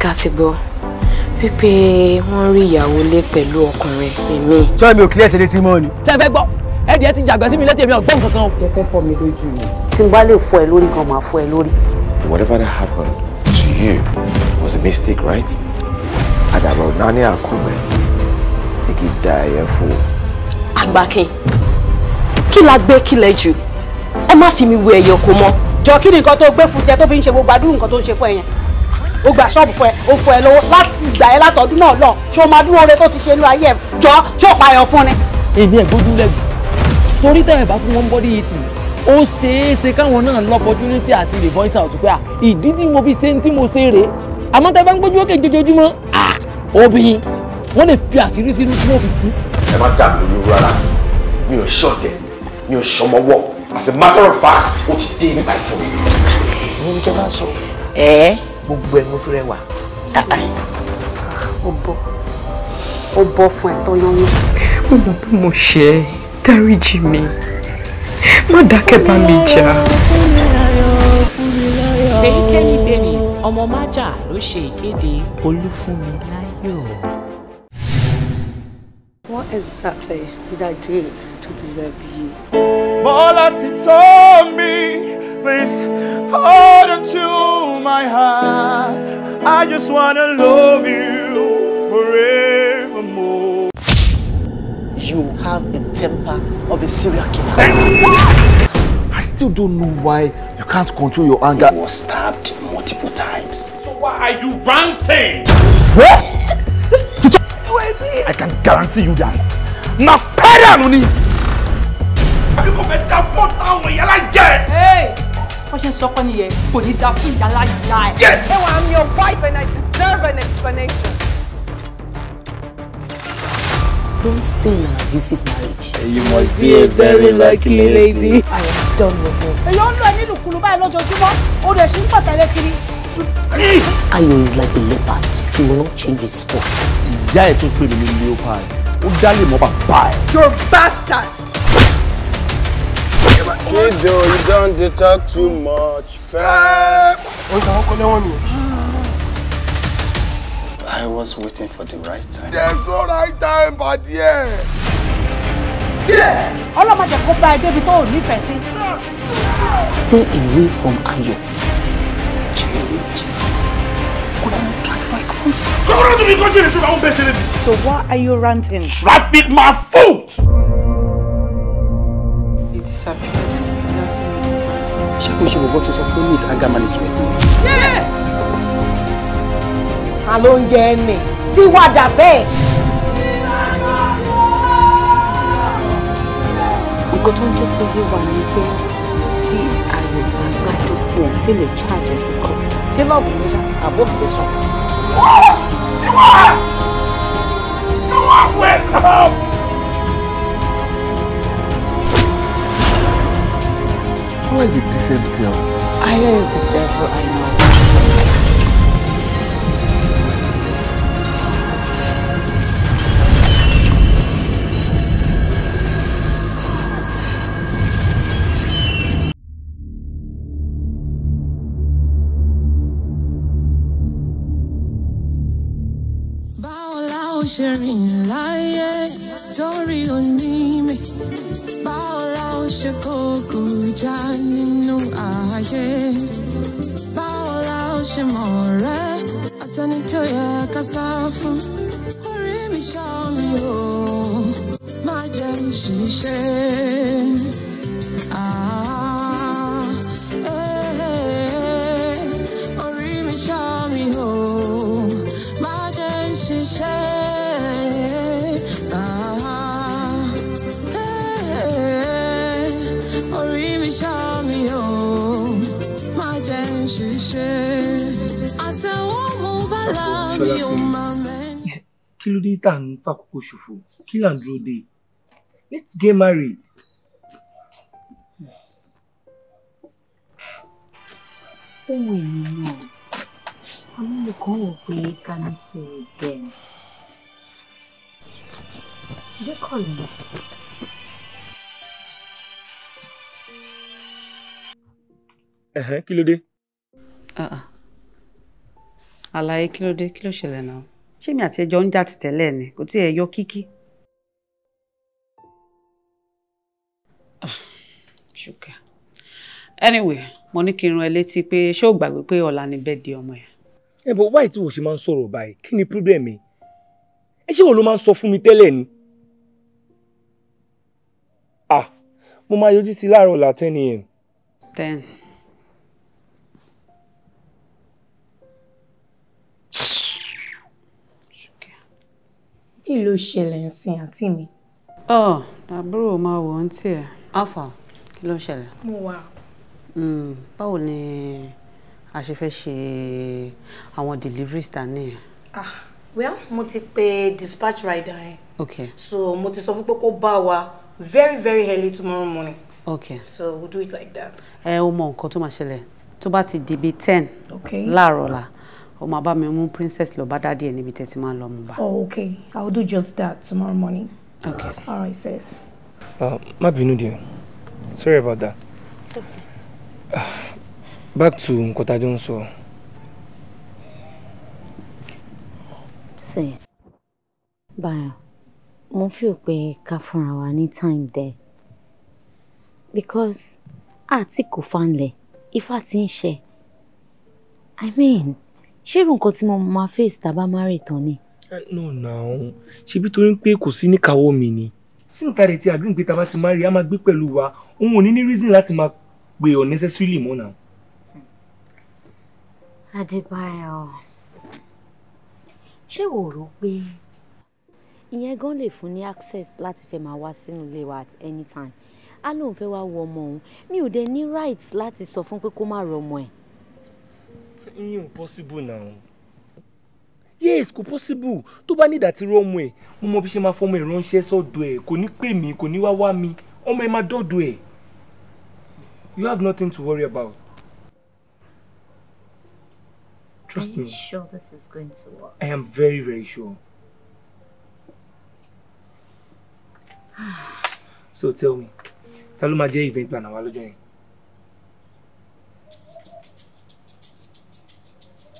Chika ti gbọ́ wípé wọ́n rí ìyàwó lé pẹ̀lú ọkùnrin èmi. ṣé mi ò kílẹ̀ ṣe létí mọ́ ni. ṣé ẹ fẹ́ gbọ́ ẹ ti jàgbẹ́ sí mi létí èmi ọ̀gbọ́n kankan o. ẹ mi lójú mi. tí n bá lè fọ́ ẹ lórí kan máa fọ́ ẹ lórí. whatever that happened to you was a mistake right? àdàbọ̀ nání àkùnrin igi da ẹyẹ fún o. àgbàkin kí la gbé kílẹ̀ jù ẹ má fi mi wo ẹ̀yọ̀ kò mọ́. jọ kí ni nǹkan tó gbé fún jẹ tó fi ń ṣe gbogbo àdúrà nǹkan tó ń ṣe fún ẹ yẹn ó gba ṣọ́ọ̀bù fún ẹ ó fún ẹ lọ́wọ́ láti ìgbà ẹ látọ̀dún náà lọ ṣé o máa dúró oore tó ti ṣe ní ayé ẹ jọ ṣé payọ fún ni. èmi ẹ̀ gbójú lẹ́gbẹ̀ẹ́ torí tẹ̀ ẹ̀ bá fún wọn bọ́dí yìí ó ṣeé káwọn náà lọ́pọ̀tunítì àti lè voice out pé à ìdí tí mo fi ṣe ń tí mo ṣe rèé àmọ́ tẹ bá ń gbójú ókè jojoojúmọ́ à obìnrin wọ́n lè fi àṣírí sínú tí wọ́n fi tú. ẹ má dàbí olú rárá mi ò ṣọ̀dẹ̀ mi ò ṣọmọwọ́ as a matter of fact ó ti dé nípa ìfún mi. ìyẹn ni kí n bá sọ. ẹ̀ẹ́ gbogbo ẹnu fi rẹwà. ó bọ ó bọ fún ẹ tán yányán. mo mọ bí mo ṣe dáríjì mi má dákẹ́ bá mi jà. èyíkéyìí David ọmọ májà ló ṣe ìkéde olúfúnmi láyọ̀. What exactly did I do to deserve you? Bọ́lá ti tọ́ mi. Place hold on to my heart. I just wanna love you forevermore. You have the temper of a serial killer. I still don't know why you can't control your anger. He was stabbed multiple times. So why are you ranting? What? I can guarantee you that. Now, paranoid! Have you got better phone down when you're like, yeah? Hey! wọ́n ṣe ń sọ́kọ́ I'm your wife and I deserve an explanation. Don't stay in an abusive marriage. You must be a very lucky lady. I am done with you. Èyí ń lọ ẹ nínú kùlù báyìí lójoojúmọ́, ó rẹ̀ ṣì ń pàtàlẹ́ kiri. Ayo is like a leopard. She will not change his spots. Ìyá ẹ̀ tó pè mí ní leopard, ó dá lè mọ́ bàbá ẹ̀. You're a bastard. Kido, you don't dey talk too much. I was waiting for the right time. There's no right time, but yeah. Ọlọ́mọ jẹ́ kó bá ẹ débi tó ò nífẹ̀ẹ́ sí. Stay away from Ayo. Change. Could I clarify cause? So why are you ranting? Traffic my foot! disappeared without saying goodbye. ṣé kò ṣe bọ̀bọ̀ tó sọ pé ó ní anger management ni. ta ló ń jẹ ẹni tí wàá dà sẹ́ẹ̀. nǹkan tó ń jẹ́ kó yé wa ni pé tí ayò bá gbájú pọ̀ tí lè charge ẹ̀sìn kan. tí lọ́ọ̀bù ló ṣá àbó obsession. tí wọ́n tí wọ́n wake up. Where is the decent girl? Aya is the devil I know. Sharing light, sorry need me. ṣe kó kù já nínú ààyè báwo la ó ṣe mọ̀ rẹ́ mi ṣọ́ o má jẹ́ ìṣiṣẹ́. dé tá à ń fàkókò ṣòfò kí là let's get married. ohun èlò náà amúnikàn wò pé ká ní sí i jẹ dékọlù. kí ló dé. Ah, ah. àlàyé kí ló dé kí ló ṣẹlẹ̀ náà ṣé mi àti ẹjọ́ ń jà tìtẹ́lẹ̀ ni kò tí ẹ yọ kíkí. anyway mo ní kí n rán ẹ létí pé ṣé o gbàgbé pé ọ̀la ni bẹ́ẹ̀ di ọmọ ẹ̀. ẹ bọ wáyé tí wò ṣe máa ń sọ̀rọ̀ báyìí kí ni problem mi ẹ ṣé wo ló máa ń sọ fún mi tẹ́lẹ̀ ni. ah mo máa yọjú sí i láàárọ̀ ọ̀la ten a.m. ten. kí ló ṣẹlẹ̀ ǹsìn àǹtí mi. ọ oh, àbúrò máa wò ó tiẹ̀ alpha kí ló ń ṣẹlẹ̀. mo wà. Hmm, báwo ni a ṣe fẹ́ ṣe àwọn deliveries ta ní. ah well mo ti pe dispatch rider yẹn. okay. so mo ti sọ fún kó bá wa very very early tomorrow morning. okay. so we'll do it like that. ẹ o mọ nǹkan tó máa ṣẹlẹ̀ tó bá ti di bíi ten láàárọ̀ la. Okay ó bá mi mú princess lọ bá dádì ẹ̀ níbi tẹ́tí máa ń lọ mú bá. oh okay i will do just that tomorrow morning. okay all right sis. Uh, má bínú sorry about that. it's okay. back to nǹkan tá a jọ ń sọ. sẹ́yìn báyọ̀ mo feel pé ká fúnra wa ní time there because àti kò fanlẹ̀ ifá ti ń ṣe i mean ṣé irú nǹkan tí mo máa face tàbá má rè tán ni. Uh, no na òun ṣebí torí pé kò sí níkàáwọ́ mi ni since tàdé ti agree tàbá ti má rí a máa gbé pẹ̀lú wa òun ò ní ní reason láti máa pè unnecessarily mọ́ náà. Adébáyọ̀ ṣé wò rò pé ìyẹn gan lè fún ní access láti fẹ́ máa wá sínú ilé wa at any time á lóun fẹ́ wá wo ọmọ òun mi ò dé ní right láti sọ fún pé kó má rọ ọmọ ẹ̀ ìyẹn ò possible now yes kò possible tó bá ní ìdàtírú ọmọ ẹ mo mọ bí ṣe máa fọmọ ẹ ránṣẹ́ sọ́dọ̀ ẹ kò ní pè mí kò ní wá wá mi ọmọ ẹ máa dọ́dọ̀ ẹ you have nothing to worry about. Trust me. Are you me. sure this is going to work? I am very, very sure. so tell me, ta ló máa jẹ́ event planner wa lọ́jọ́ yẹn?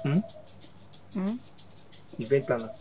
嗯，嗯，你被干了。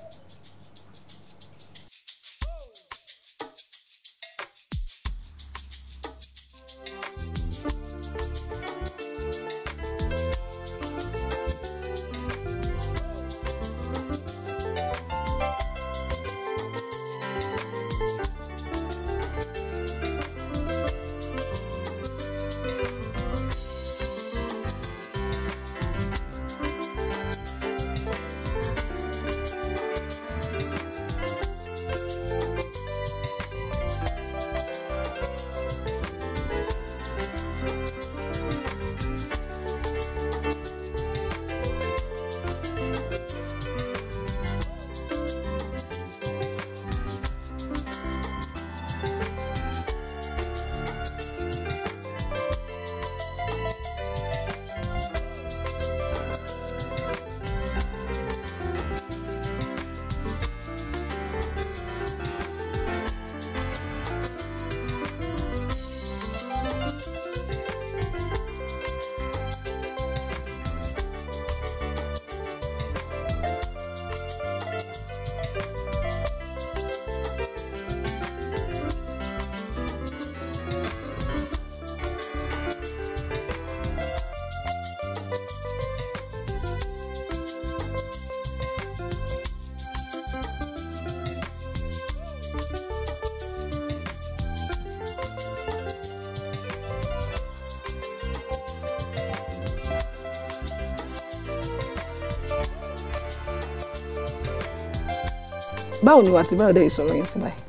báwo ni wà á ti báyọ̀dé ìṣòro yẹn sí báyìí.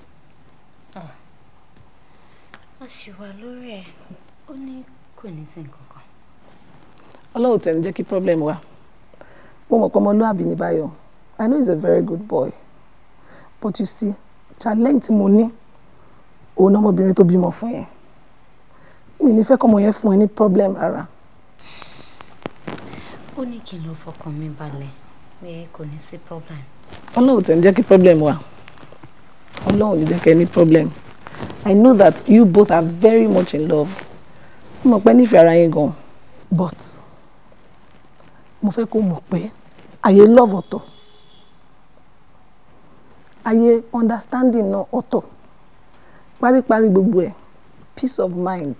a ah. sì wà lórí ẹ̀ ó ní kò ní sí nǹkan kan. ọlọ́run tẹ̀ jẹ́ kí problem wà mo mọ̀ pé ọmọlúàbí ni báyọ̀ I know he's a very good boy but you see challenge tí mo ní òun ọmọbìnrin tó bímọ fún yẹn mi ní fẹ́ kọ́mọ yẹn fún ẹ ní problem rárá. ó ní kí n lọ fọkàn mi balẹ̀ pé kò ní sí problem ọlọ́run tẹ̀ ń jẹ́ kí problem wà ọlọ́run ní jẹ́ kẹ́ any problem i know that you both are very much in love mo mọ̀ pé nífẹ̀ẹ́ ara yín gan. but mo fẹ́ kó mọ̀ pé àyè love ọ̀tọ̀ àyè understanding náà ọ̀tọ̀ paríparí gbogbo ẹ̀ peace of mind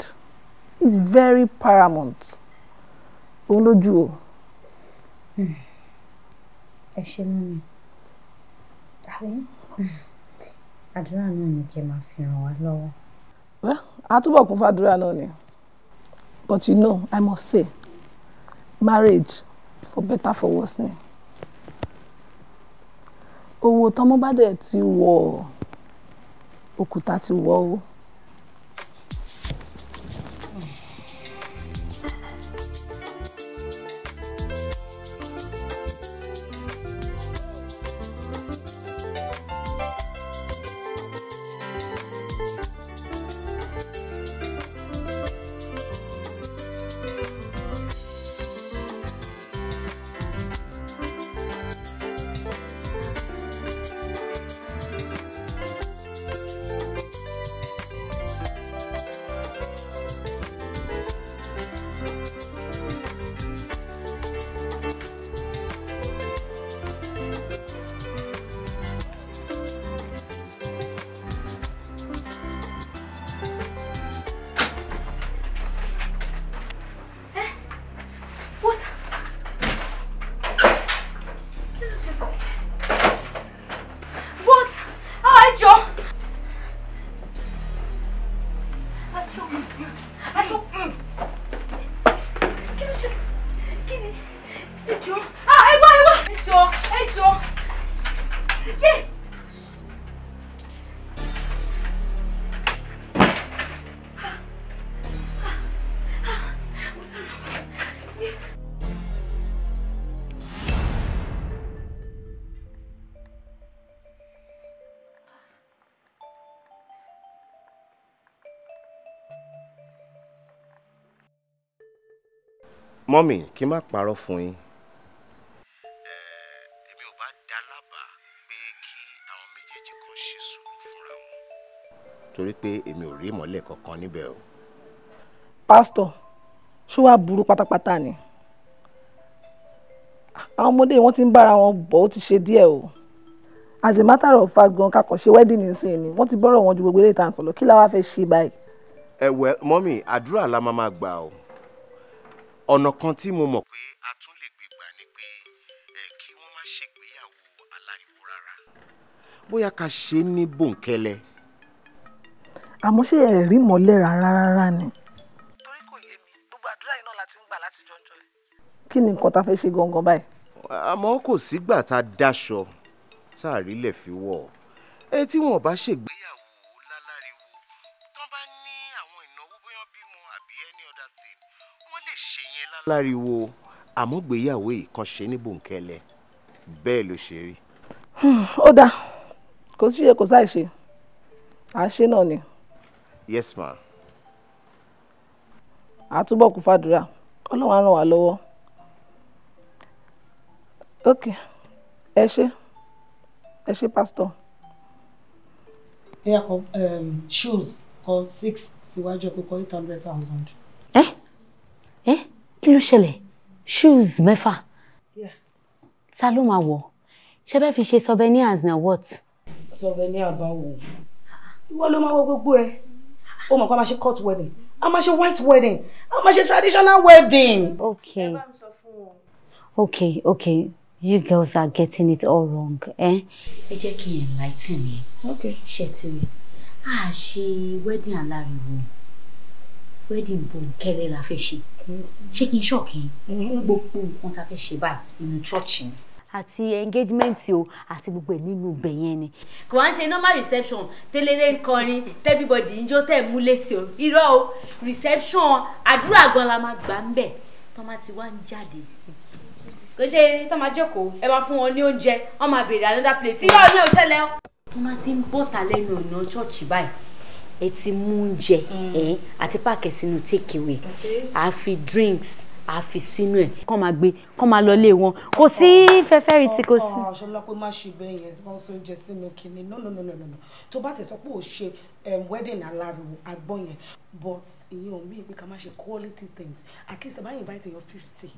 is very paramount òun lójú o. Hmm. ẹ ṣe mú mi. Hm. àdúrà náà ni kẹ́ máa fi ràn wá lọ́wọ́. well àtúbọ̀ kún fàdúrà náà ni but you know i must say marriage for better for worse ni owó tọmọ bá dẹ̀ ti wọ̀ òkúta ti wọ̀ o. mọ́mì kí n má parọ́ fún yín. èmi ò bá dá lábàá pé kí àwọn méjèèjì kan ṣe sùúrù fúnra wọn. torí pé èmi ò rí ìmọ̀lẹ̀ kankan níbẹ̀ o. pásítọ̀ ṣó wàá burú pátápátá ni àwọn ọmọdé wọn ti ń bára wọn bọ̀ ó ti ṣe díẹ̀ o as a matter of fact gan kakọ ṣe wedding nísìnyí ni wọ́n ti bọ́rọ̀ wọn ju gbogbo eléyìí tá à ń sọ lọ kí la wá fẹ́ ṣe báyìí. ẹ wẹ mọ́mì àdúrà la máa máa gbà o ọ̀nà kan tí mo mọ̀ pé a tún lè gbé gbà ni pé kí wọ́n má ṣègbéyàwó aláriwo rárá bóyá ká ṣe é ní bòńkẹ́lẹ́. àmọ́ ṣé ẹ rí mọ́lẹ̀ rárá rárá ni. torí kò yé mi gbogbo àdúrà iná la ti ń gbà láti jọjọ ẹ. kí ni nǹkan tá a fẹ́ ṣe gangan báyìí. àmọ́ kò sígbà tá a dáṣọ tá a rí lẹ̀ fi wọ̀ ẹ tí wọn bá ṣègbé láriwo àmúgbéyàwó ìkànṣe ní bòńkẹ́lẹ́ bẹ́ẹ̀ ló ṣe rí. ó dáa kò sí ṣe kò sáì ṣe àṣe náà ni. yes ma. àtúbọ̀ kún fàdúrà ọlọ́run á ràn wá lọ́wọ́. ok ẹ ṣe ẹ ṣe pásítọ̀. ẹ yà kọ um, shoes kọ six síwájú ọkọ eight hundred thousand. ẹ. Eh? kí ló ṣẹlẹ̀ shoes mẹ́fà ta ló máa wọ̀ ṣe bẹ́ẹ̀ fi ṣe souvenirs na what. souvenir bá wò ìwọ ló máa wọ gbogbo ẹ ó mọ̀ pé a máa ṣe court wedding a máa ṣe white wedding a máa ṣe traditional wedding. okay okay okay you girls are getting it all wrong. Eh? ẹ jẹ́ kí n enlighten yẹn ṣe ti rí a ṣe wedding aláriwo wedding bòńkẹ́lẹ́ la fẹ́ ṣe ṣé kí n ṣọ́ọ̀kì gbogbo nǹkan tá a fẹ́ ṣe báyìí inú ṣọ́ọ̀ṣì àti engagement o àti gbogbo ẹ̀ nínú ibẹ̀ yẹn ni. kò wá ń ṣe normal reception tẹ́lẹ̀lẹ́ ń kọrin tẹ́bíbọ̀dì ń jó tẹ́ mú lẹ́sẹ̀ o irọ́ o reception àdúrà gan la máa gbà ń bẹ̀ tó máa ti wá ń jáde kò ṣe tó máa jókòó ẹ máa fún wọn ní oúnjẹ wọn máa béèrè another plate irọ́ ni ò ṣẹlẹ̀ o. tó máa ti ń bọ̀tà lẹ́nu ọ̀nà ṣọ́ọ̀ṣì báyìí ẹ ti mú oúnjẹ mm. ẹ̀ẹ́n àti pààkẹ́ sínú take away a drinks a fi sínú ẹ̀ kọ́ máa gbé kọ́ máa lọ lé wọn kò sí oh, fẹ́fẹ́ rí tí kò oh, sí. ọ̀hún oh, aṣọlá pé má ṣe bẹ́ẹ̀ yẹn wọ́n tó jẹ sínú kìnìún no no no no no tó bá ti sọ pé ò ṣe um, wedding aláriwo agbọ́ yẹn but ìyẹn ò míì pé ká má ṣe quality things àkíyèsí báyìí báyìí ti yan fifty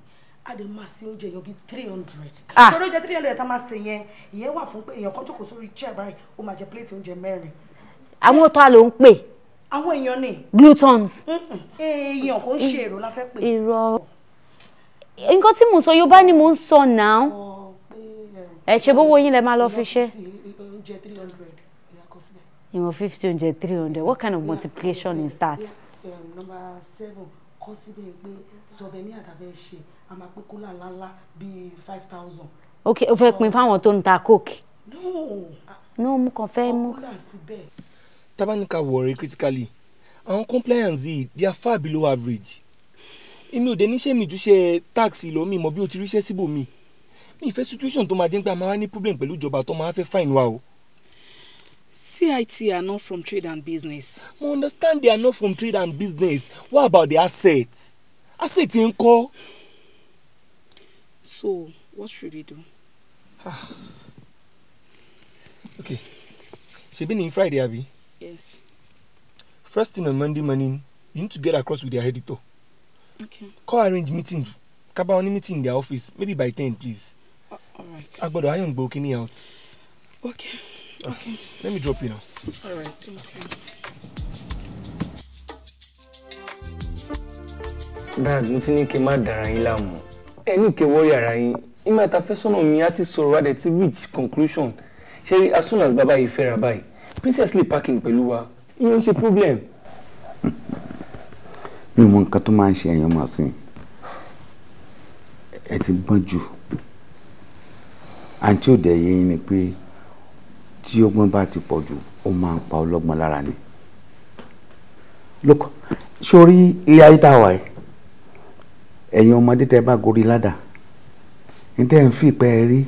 a lè máa se oúnjẹ èèyàn bíi three hundred. sọ ah. ló three hundred tá a máa se yẹn ìyẹn wà fún pé èèyàn kan jókòó sórí chair báyìí ó máa jẹ plate oúnjẹ mẹ́rin àwọn tó a ló ń pè. àwọn èèyàn ni. glutons. èèyàn kò ń ṣe èrò la fẹ́ pè. irọ́ nǹkan tí mò ń sọ yorùbá ni mò ń sọ náà eh, ẹ ṣe bówó yín lẹ máa lọ fi ṣe. ìwọ̀n fifty oúnjẹ three hundred what kind of multiplication is that. number seven kọ́ síbẹ̀ pé sọ̀bẹ̀ ní ṣe a ńláńlá bíi five thousand. ok o fẹ́ pin fáwọn tó ń ta coke. no no mo kàn fẹ́ mú. ọkùnrin àti bẹ́ẹ̀ tabanika worry critically àwọn compliance yìí they are far below average èmi ò dé níṣẹ́ mi ìdúṣe tax lọ mi mọ bí o ti ríṣẹ́ síbò mi mi ìfẹ́ situation tó máa jẹ́ pé a máa wá ní problem pẹ̀lú ìjọba tó máa fẹ́ fine wa o. CIT are not from trade and business. mo understand they are not from trade and business what about the assets assets ń kọ́. so what should we do. Ah. okay ṣebí ni Friday abi. Yes. First thing on Monday morning, you need to get across with your editor. Okay. Call arrange meeting. Kaba only meeting in their office. Maybe by 10, please. Uh, all right. Agbodo, I am booking out. Okay. Okay. Uh, let me drop you now. All right. Okay. Dad, nothing came out kí n má dara yín láàmú. Ẹ ní kí n wọ́rí ara yín. mi á ti sọ̀rọ̀ adẹ̀ reach conclusion. Ṣé as soon as Baba yìí fẹ́ra princess lè parking pẹ̀lú wa ìyẹn ń ṣe problem. mi mọ nǹkan tó máa ń ṣe ẹ̀yàn máa sìn ẹ ti gbọ́n jù àǹtí òde yẹn ni pé tí ọgbọ́n bá ti pọ̀ jù ó máa ń pa ọlọ́gbọ́n lára ni. look sórí ilé ayé tá a wà yìí ẹ̀yin ọmọdé tẹ bá gorí ládàá ní tẹ́ ń fi ìpẹ́ rí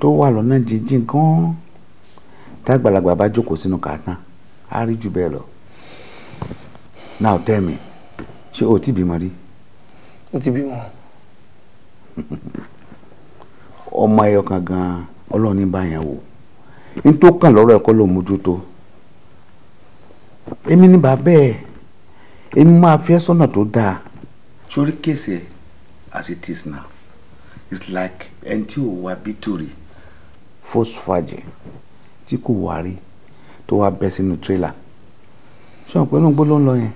tó wà lọ́nà jíjìn gan-an tagbalagba bá jókòó sínú kàtán á rí jù bẹ́ẹ̀ lọ now tell me ṣé o ti bímọ rí. mo ti bímọ. ọmọ ẹyọ kan gan-an ọlọ́run ní báyẹn wò n tó kàn lọ́rọ̀ ẹ̀kọ́ ló mójútó èmi ní bàbá ẹ̀ èmi máa fi ẹ́ sọ́nà tó dáa. sórí kéèsì as it is now it's like ẹni tí fosfaje. tí kò wá rí tó wá bẹ́ sínú tírélà ṣé wọn pẹ́ náà gbọ́ ló ń lọ yẹn.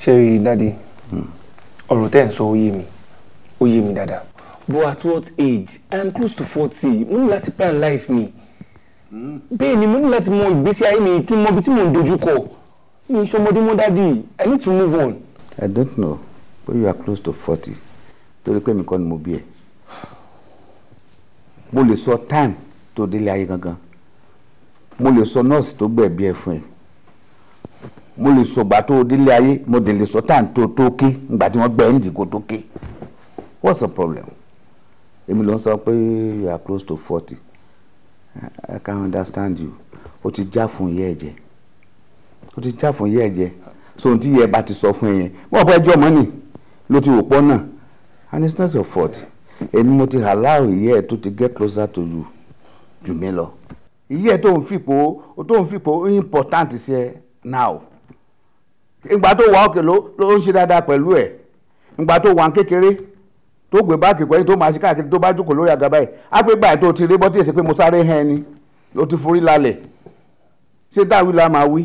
ṣé rí i dáàdi hmm. ọ̀rọ̀ tẹ́ ẹ̀ ń sọ ó yé mi ó yé mi dáadáa but at what age i am close to forty mo ní láti plan life mi hmm. bẹ́ẹ̀ ni mo ní láti mọ ìgbésí ayé mi kí n mọ ibi tí mò ń dojú mi ń ṣọmọdé mọ́ dáàdi i need to move on. i don't know but you are close to forty torí pé mi kọ́ ni mo bí ẹ mo lè sọ time tó délé ayé gangan mo lè sọ nọ́ọ̀sì tó gbẹ̀bí ẹ̀ fún ẹ mo lè sọ gbà tó délé ayé mo dè lè sọ táǹtó tó ké ngbà tí wọ́n gbẹ ẹ́ǹdì kó tó ké what's the problem èmi ló ń sọ pé you are close to forty I can understand you o ti já fún iye ẹ̀jẹ̀ o ti já fún iye ẹ̀jẹ̀ so ohun tí iye bá ti sọ fún ẹ yẹn wọ́n bọ́ ẹjọ́ mọ́nì ló ti wò pọ́ náà and it's not your fault èmi mo ti allow iye ẹ̀ tó ti get closer to you jù mí lọ ìyí tó ń fipò tó ń fipò important sí e. now ìgbà tó wà òkè ló ló ń ṣe dáadáa pẹ̀lú ẹ̀ ìgbà tó wà kékeré tó gbé báàkì pẹ̀lú tó máa ṣe káàkiri tó bá jókòó lórí yìí ti rí bọ́tí ti forí lálẹ̀ ṣé dáwí la máa wí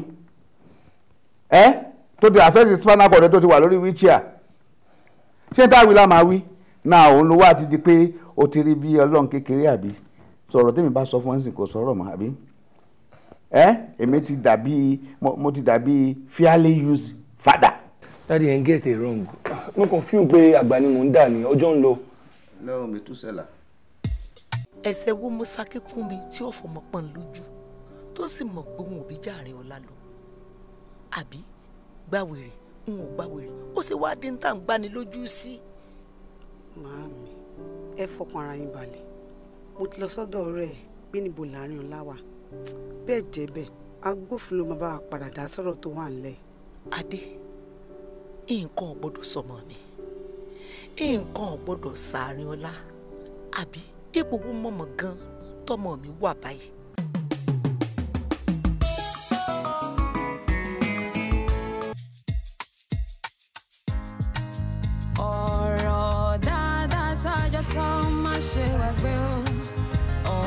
ẹ tó ti àfẹ́sì spinal cord tó ti wà lórí wheelchair ṣé dáwí la máa wí náà òun ló wá ti di pé o ti rí bí ọlọ́run sọ̀rọ̀ tèmi bá sọ fún ẹ̀sìn kò sọ̀rọ̀ mọ́ àbí ẹ èmi ti dàbí mo ti dàbí fairly used father. daddy ẹ̀ ń get it wrong mo kàn fíw pé àgbà ni mò ń dà ní ọjọ́ ń lọ. lọ́wọ́ mi tún ṣẹlá. ẹsẹ̀ wo mo sáké fún mi tí ó fọmọ pọ́n lójú tó sì mọ̀ pé òun ò bí jàre ọ̀la lọ àbí gbàwèrè n ò gbàwèrè ó sì wá dín tá à ń gbani lójú sí. màámi ẹ fọkàn ara yín balẹ̀ mo ti lọ sọ́dọ̀ ọ̀rẹ́ ẹ̀ pé níbo láàrin ọ̀la wà bẹ́ẹ̀ jẹ́ bẹ́ẹ̀ agbófinró máa bá wa padà dá sọ̀rọ̀ tó wà nílẹ̀. adé nǹkan ò gbọ́dọ̀ sọmọ mi nǹkan ò gbọ́dọ̀ sàárín ọlá àbí ipò wo mọ̀mọ́ gan tọmọ mi wà báyìí. ọ̀rọ̀ dáadáa tá a jọ sọ máa ṣe wá pé ó.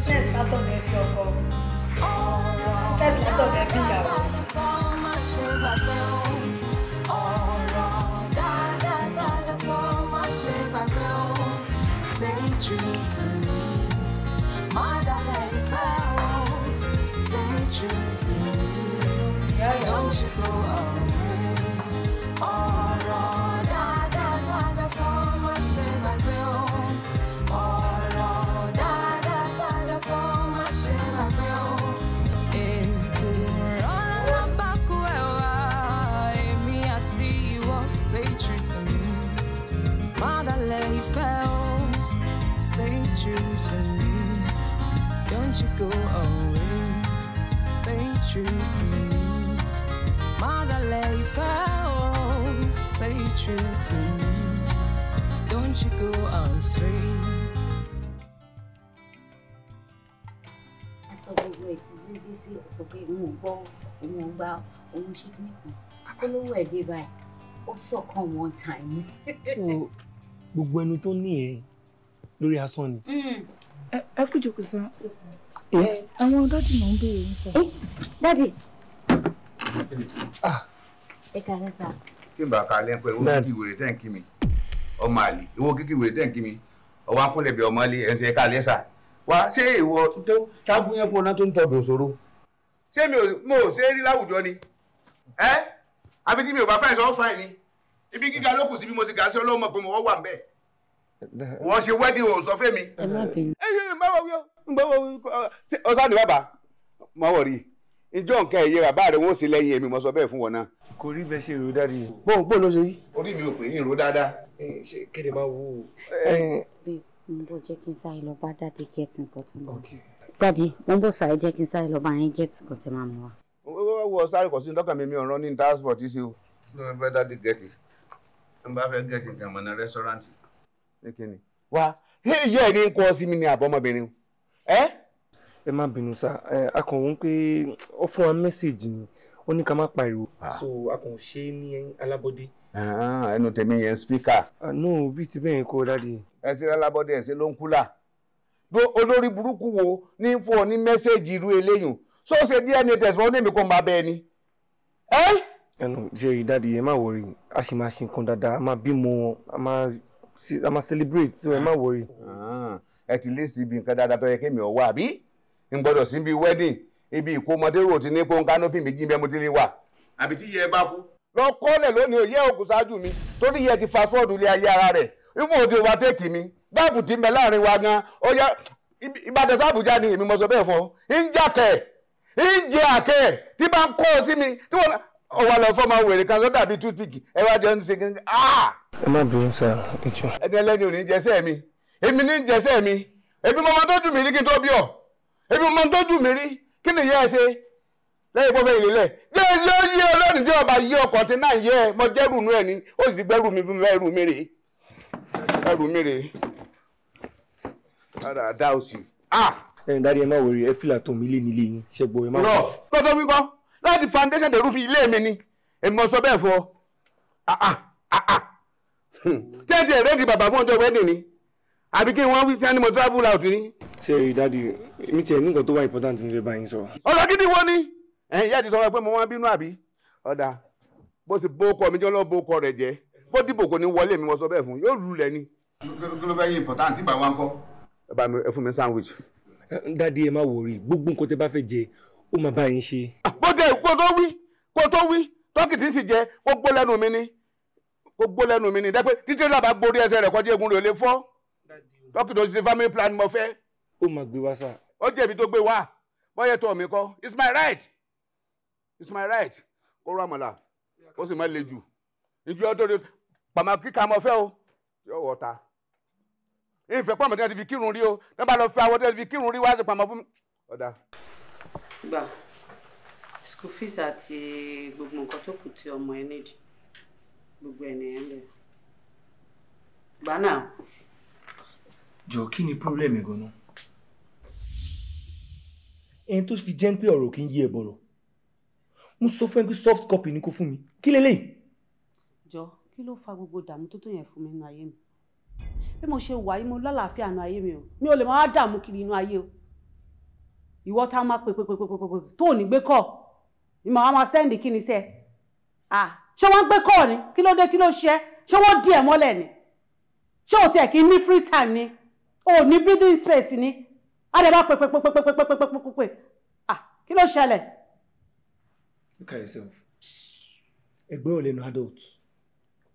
stress látọ̀dọ̀ ẹbí ọkọ stress látọ̀dọ̀ ẹbí ìyàwó. Say true to me, my darling. sọ gbogbo ẹ̀ tí títí tí ó sọ pé òun ò gbọ́ òun ò gbà òun ṣe kíní kan tó lówó ẹ̀ dé báyìí ó sọ̀kan one time. so gbogbo ẹnu tó ní ẹ lórí asán ni. Hmm. ẹ kú jòkó sàn àwọn dádì náà ń béèrè nípa. dádì. Ah. ẹ kàlẹ́ sà. kí n bá a kàlẹ́ ń pẹ́ owó kíkì wèrè tẹ́ ń kí mi ọmọ àlè owó kíkì wèrè tẹ́ ń kí mi ọwọ́ akúnlẹ̀ ọmọ ilé ẹ̀ ń ṣe kàlẹ́ sà wá ṣé ìwọ tágún yẹn fún ọ̀nà tó ń tọ̀bẹ̀ òṣòro. ṣé mi ò ṣe é rí láwùjọ ni ẹ àbí tí mi ò bá fẹ́ sọ́ọ́ fáì ni ibi gíga ló kù sí bí mo ti gà á sí ọlọ́mọ pé mo wà ń bẹ̀ wọ́n ṣe wedding ò sọ fẹ́ mi. ẹ yé mi báwo wíwọ́ ń gbọ́ ọ̀sán ni bàbá mọ̀ wọ̀ rí i ìjọ nǹkan ẹ̀yẹ bàbá rẹ̀ wọ́n sì lẹ́yìn èmi mo sọ bẹ́ẹ̀ fún wọn náà. kò rí bẹ́ẹ̀ ṣe rò dáadé. bó bó ló ṣe yí. orí mi ò pè é ìró dáadáa. ṣé kéde máa wú mo bọ̀ jẹ́ kí n sáré lọ bá dáàdi get nǹkan tó ń bọ̀ dáàdi mo bọ̀ sáré jẹ́ kí n sáré lọ bá yín get nǹkan tẹ́ máa mú wa. wọ́n wọ sáré kọ̀ sí lọ́kàn mi mi ò rán ní transport ṣe o. ló ń fẹ́ dáàdi gẹ̀tì ń bá fẹ́ gẹ̀tì gàmọ̀nà rẹ́sọ́rántì. ní kíni wá yíyá ẹ̀ ní kọ́ sí mi ní àbọ̀mọbìnrin ẹ́ eh? ẹ má bínú sá ẹ akọ̀wọ́n pé ó fún wa mẹ́sẹ̀gì ni ó ní ká má pariwo ah. so akọ̀wọ́n ṣe é ní alábọ́dé Ah, ẹnu tèmi yẹn spíkà. àánú ah, bí ti bẹ́ẹ̀ kó dáadé. ẹ ti rárá bọ́dẹ ẹ̀ ṣe ló ń kúlà olórí burúkú wo ní fún ọ ní mẹ́sẹ̀gì irú eléyìí so ṣe DNA test wọn níbi kó máa bẹ ẹni. ẹnu jerry dáadé ẹ má wọrí a sì máa ṣe nǹkan dáadáa a máa bímọ a máa celebrate so ẹ má wọrí. Ah, ẹ ti list ibi nǹkan dáadáa tó yẹ kémi ọwọ́ àbí n gbọ́dọ̀ sí wedding ibi ìkómọdérò ti ní kó ń kánópì méjì bẹ́ẹ̀ mo ti rí wà àbí tí yẹ bá kú. lọ kọ́lẹ̀ lónìí òye ògùn ṣáájú mi torí yẹ ti fast forward ilé ayé ara rẹ̀ ibùdó mi ti mẹ́ láàrin wa gan ó ìbàdàn sábùjá ni èmi mo sọ bẹ́ẹ̀ fọ́ ń jàkẹ́ tí bá ń kọ́ sí mi tí wọ́n fọ́ máa wèrè kan bíi toothpick ẹ wá jẹun ṣe ah! ẹ má bínú sá ìjọ. ẹni ẹlẹ́ni ò ní mi èmi ní mi èmi mo máa tọ́jú mi rí kí n tó bí èmi mo lẹ́yìn pọ́fẹ́ ìlélẹ̀ jẹ́ yóò yí ọlọ́run tí ọba yí ọkọ̀ tí náà yẹ ẹ mọ jẹ́rù nú ẹ ní ó sì ti gbẹ́rù mi fún ẹrù mi rèé ẹrù mi rèé rárá dá o sì. ẹyin dáadé ẹ má wọrí ẹ fìlà tó mi lé nílé yín ṣẹgbọ ẹ má wọrí. lọ tọ́tọ́ wíkọ́ láti foundation dẹ̀rú fi ilé mi ni èmi ọ̀sọ́ bẹ́ẹ̀ fọ tẹ́tí hmm. ẹ̀ rẹ́ẹ̀dì bàbá fún ọjọ́ wedding ni àbí kí wọ́n wí tí wọ́n tó wà important mi fẹ́ bá yín sọ. ọ̀rọ̀ gidi wo ẹ̀yin ìyá ti sọ pé mo wá bínú àbí ọ̀dà bó ti bó kọ mi jọ́ lọ́ bó kọ rẹ̀ jẹ́ bó dìbò kò ní wọlé mi mo sọ bẹ́ẹ̀ fún yóò lulẹ̀ ni. kí ló fẹ́ yí important ìgbà wa ń kọ́. ẹ bá mi ẹ fún mi sandwich. dádì ẹ má wòrí gbogbo nǹkan tẹ bá fẹ́ jẹ ó máa bá yín ṣe. Ah, bó tẹ kó tó wí kó tó wí tọ́kì tí ń sì jẹ kó gbó lẹ́nu mi ni kó gbó lẹ́nu mi ni dẹ́pẹ́ títí làbá gborí ẹsẹ̀ rẹ̀ kọjá egun rẹ̀ lè fọ́ tọ́kì tó ṣe family plan mo fẹ́. ó máa gbé wá sá. ó jẹ̀bi tó gbé wá bọ́yẹ̀ tó mi kọ́ it's my right it's my right kó rọ àmàlà ó sì má le jù ìjọ ọdún rẹ pàmò kíkà mọ fẹ́ o yóò wọ ta ìfẹ́ pàmò tí wọ́n ti fi kírun rí o nígbà lọ fi àwọn tí wọ́n ti fi kírun rí wá sí pàmò fún mi. ọ̀dà. gbà school fees àti gbogbo nǹkan tó kù tí ọmọ ẹ nídìí gbogbo ènìyàn lè gbà náà. jọ kí ni púrọ́lẹ́mì gan-an. ẹni tó fi jẹ́ pé ọ̀rọ̀ kì í yé ẹ bọ̀rọ̀ mo sọ fún ẹ pé soft copy ni kò fún mi kí leléyìí. jọ kí ló fa gbogbo ìdààmú tó tó yẹn fún mi nínú ayé mi bí mo ṣe wà yìí mo lálàáfíà nínú ayé mi o mi ò lè máa dààmú kiri inú ayé o ìwọ tá a máa pè pè pè pè pè tó ò ní gbé kọ ni màá máa sẹ́ndì kí ni sẹ́ à ṣé wọ́n ń gbé kọ́ ni kí ló dé kí ló ṣe ṣé wọ́n di ẹ̀ mọ́lẹ̀ ni ṣé o tiẹ̀ kì ní free time ni o ò ní breathing space ni á dẹ̀ bá pè pè pè pè pè pè pè pè pè pè à kí ló ṣẹlẹ̀ Look at yourself. Ẹgbẹ́ ò lẹ́nu adult.